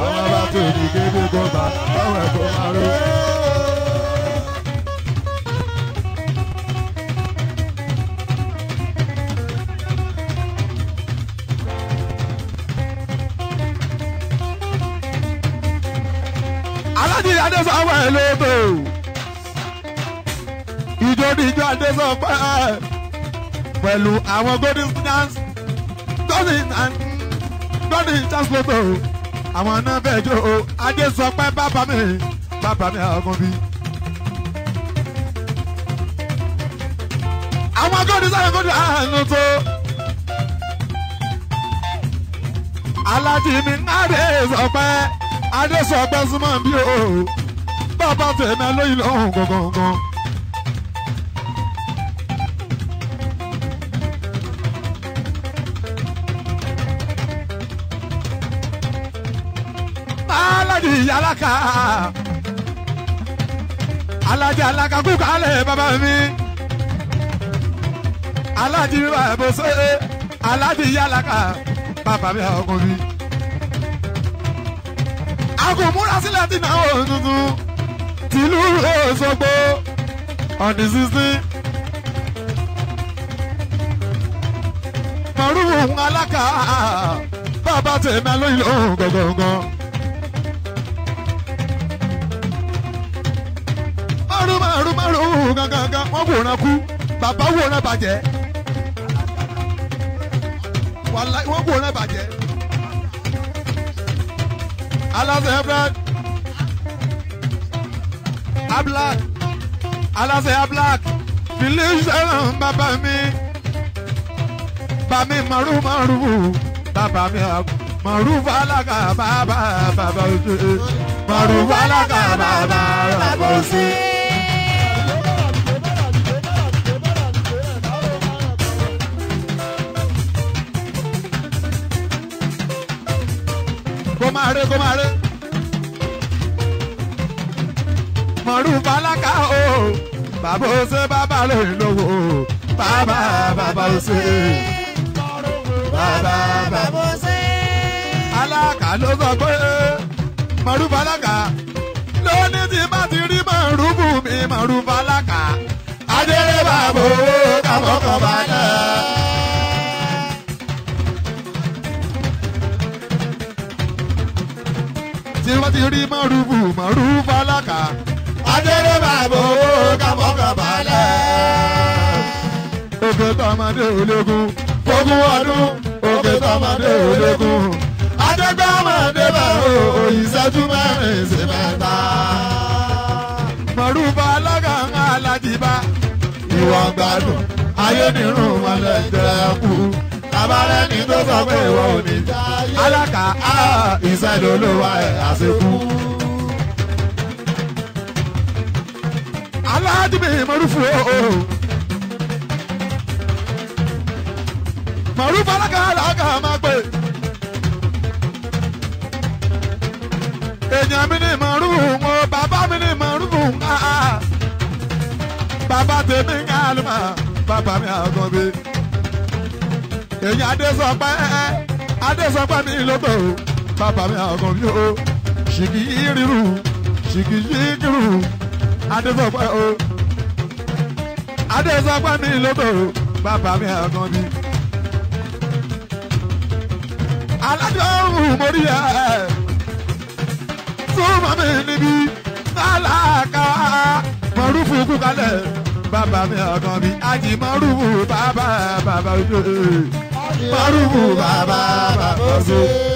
ọlọ́ba tó ní kébé kó bá ọwọ́ ẹ̀kọ́ máa ró. Daddy Adésọpẹ́ lóto ìjọ níjọ Adésọpẹ́ pẹ̀lú àwọn golden dance golden and golden dance àwọn náà bẹ̀ jó Adésọpẹ́ bàbá mi bàbá mi ọkàn bíi. àwọn agọ́dí sáyẹn kó àánú tó. alájí mi dé sọ adésọgbà súnmọ́ bí o bàbá tèmi lóyún lọ́hùn gangan. aládì yàlákà alájì alákà kú bàbá mi alájì bàbá mi alájì yàlákà bàbá mi àwọn ọkùnrin aago múra sílẹ̀ dínà òun tuntun tìlú Òṣogbo on the sixteen. mọ̀rúhùn alága bàbá tèmi lóyún lóhùn gangan. mọ̀rú mọ̀rú mọ̀rú gangan wọ́n wòran kú bàbá wòran bàjẹ́ wọ́n wòran bàjẹ́ aláfẹ́ black a black aláfẹ́ a black fìlẹ̀ sẹ́wọ̀n bàbá mi bàmí màrú màrú bàbá mi màrú fàlàkà bàbá bàbá òjò màrú fàlàkà bàbá bàbá òjò. ré kó máa ré. mọ̀rú pálákà o bàbá ose bàbá lórí lówó bàbá bàbá ose bàbá bàbá ose. alákà ló sọ pé mọ̀rú pálákà lónìí tí bá ti rí mọ̀rú bùnmi mọ̀rú pálákà adéré bàbá owó kàmọ́kàn bá náà. ti rí mọ́rùbù mọ́rùbù alákà. adéré bàbá owó kàmọ́kàn balẹ̀. òkè tọmọdé ológun ogún ọdún òkè tọmọdé ológun. adégbàmọdé bàbá òyìnṣẹ́jú mẹ́rin sí mẹ́ta. mọ́rùbù alákà ń alájìbá. ìwà gbádùn ayé nírun wọn lè jẹ́ kú tabalẹ́ni tó sọ pé ìwọ ò ní táyé alákà á ìṣẹ́lẹ̀ olówó ẹ̀ àṣekú. aládìmí mọ̀rúfù ooo mọ̀rúfù alákà alákà máa pè. èèyàn mi ni mọ̀rúfù wọn bàbá mi ni mọ̀rúfù wọn bàbá tèmi ń kálùmọ̀ bàbá mi àgọ́bí èyàn adésọpẹ́ adésọpẹ́ mi ló o bàbá mi àgàn mi o ṣìkì ríru ṣìkì ṣìkìrù adésọpẹ́ o adésọpẹ́ mi ló tó o bàbá mi àgàn mi. alájọ òun mórí ẹ súnmọ́ mi níbí lálàkà mọ̀rúfù kú kalẹ̀ bàbá mi àgàn mi àjìmọ̀rúfù bàbá bàbá ojú márùn-ún bàbá bàbá ọdún.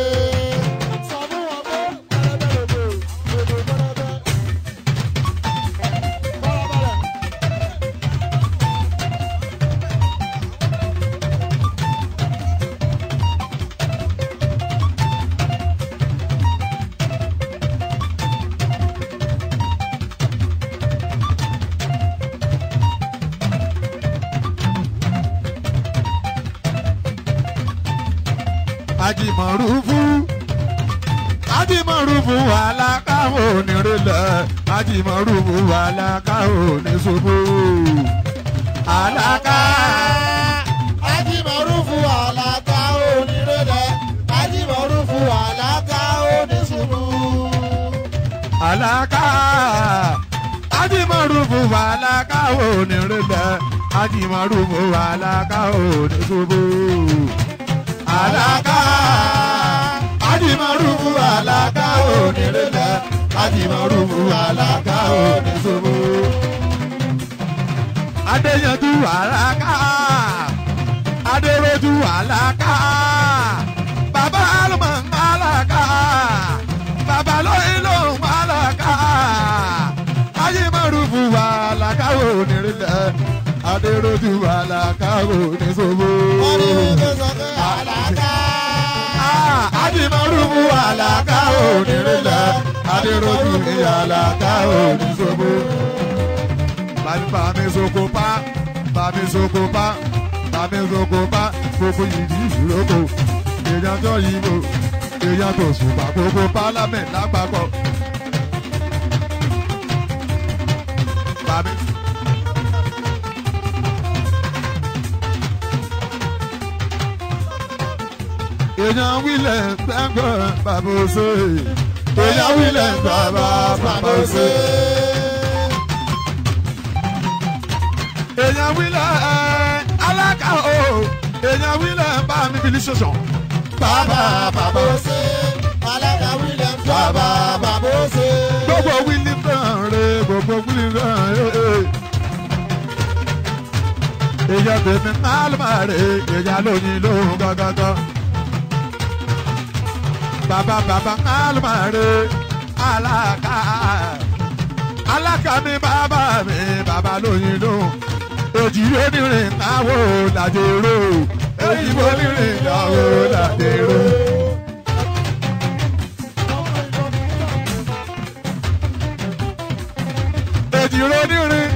ò ní ṣubú. Àlàkà Adìmọ̀rúfù àlàkà ò ní rẹ̀lẹ̀ Adìmọ̀rúfù àlàkà ò ní ṣubú. Adéyanjú àlàkà Adérójú àlàkà Bàbá Alùmọ̀ ń bá àlàkà Bàbá lóyún ló ń bá àlàkà Adìmọ̀rúfù àlàkà ò adéròjú alaka oníṣòwò. alaka. Ah, adimarubu alaka onírẹ̀lẹ̀ adéròjú alaka oníṣòwò. bàmí soko pa bàmí soko pa bàmí soko pa fòfò yìí ìṣòro kò èèyàn tó yìí bò èèyàn tó sùn pàkókò pálámẹ̀ lápapọ̀. èèyàn wílẹ̀ gbẹ́ngbẹ́ bàbá òṣè èèyàn wílẹ̀ bàbá bàbá òṣè. èèyàn wílẹ̀ alága o èèyàn wílẹ̀ bá mi fi ní ṣoṣọ. bàbá bàbá òṣè alága wílẹ̀ bàbá bàbá òṣè. gbogbo wílì náà rè gbogbo wílì náà rè èyàn tèmi máa ló máa rè èyàn lóyin lóhun gángangán bàbá bàbá alùmọ̀rẹ́ alaka alaka ni bàbá mi bàbá lóyin dùn èjì onírìn náwó làdèrò èjì onírìn náwó làdèrò. èjì onírin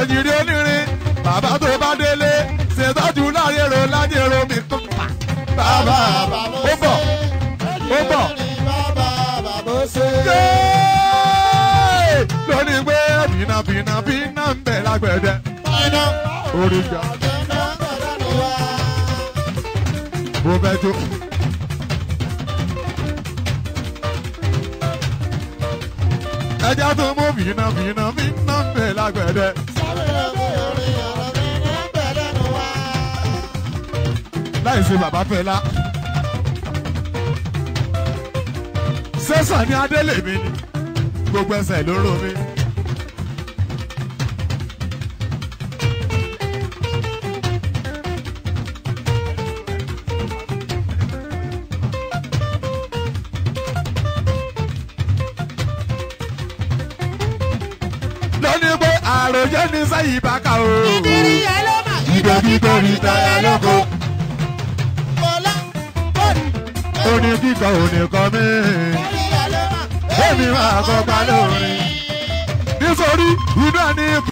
èjì onírin bàbá tó bá délé ṣètọ́jú láyé ro láyé ro mi tó pa. bàbá bàbá ó ó bọ̀. lórí pé bínà bínà bínà ń bẹ̀ lágbẹ̀dẹ. orí ìjà. bó bẹ́ jó. ẹja tó mú bínà bínà bínà ń bẹ̀ lágbẹ̀dẹ. láì ṣe bàbá fẹ́ la. Tẹ́sà ní Adélè mi ni gbogbo ẹsẹ̀ ló rò mí. lónìí pé ní sẹ́yìn ìbáka o. ìdírí ẹ ló mà. ìdòkítò ní táyà lóko. ọlá bọ́ọ̀lù. oníkíkọ oníkọ mi èmi máa kópa lórin nítorí iná ní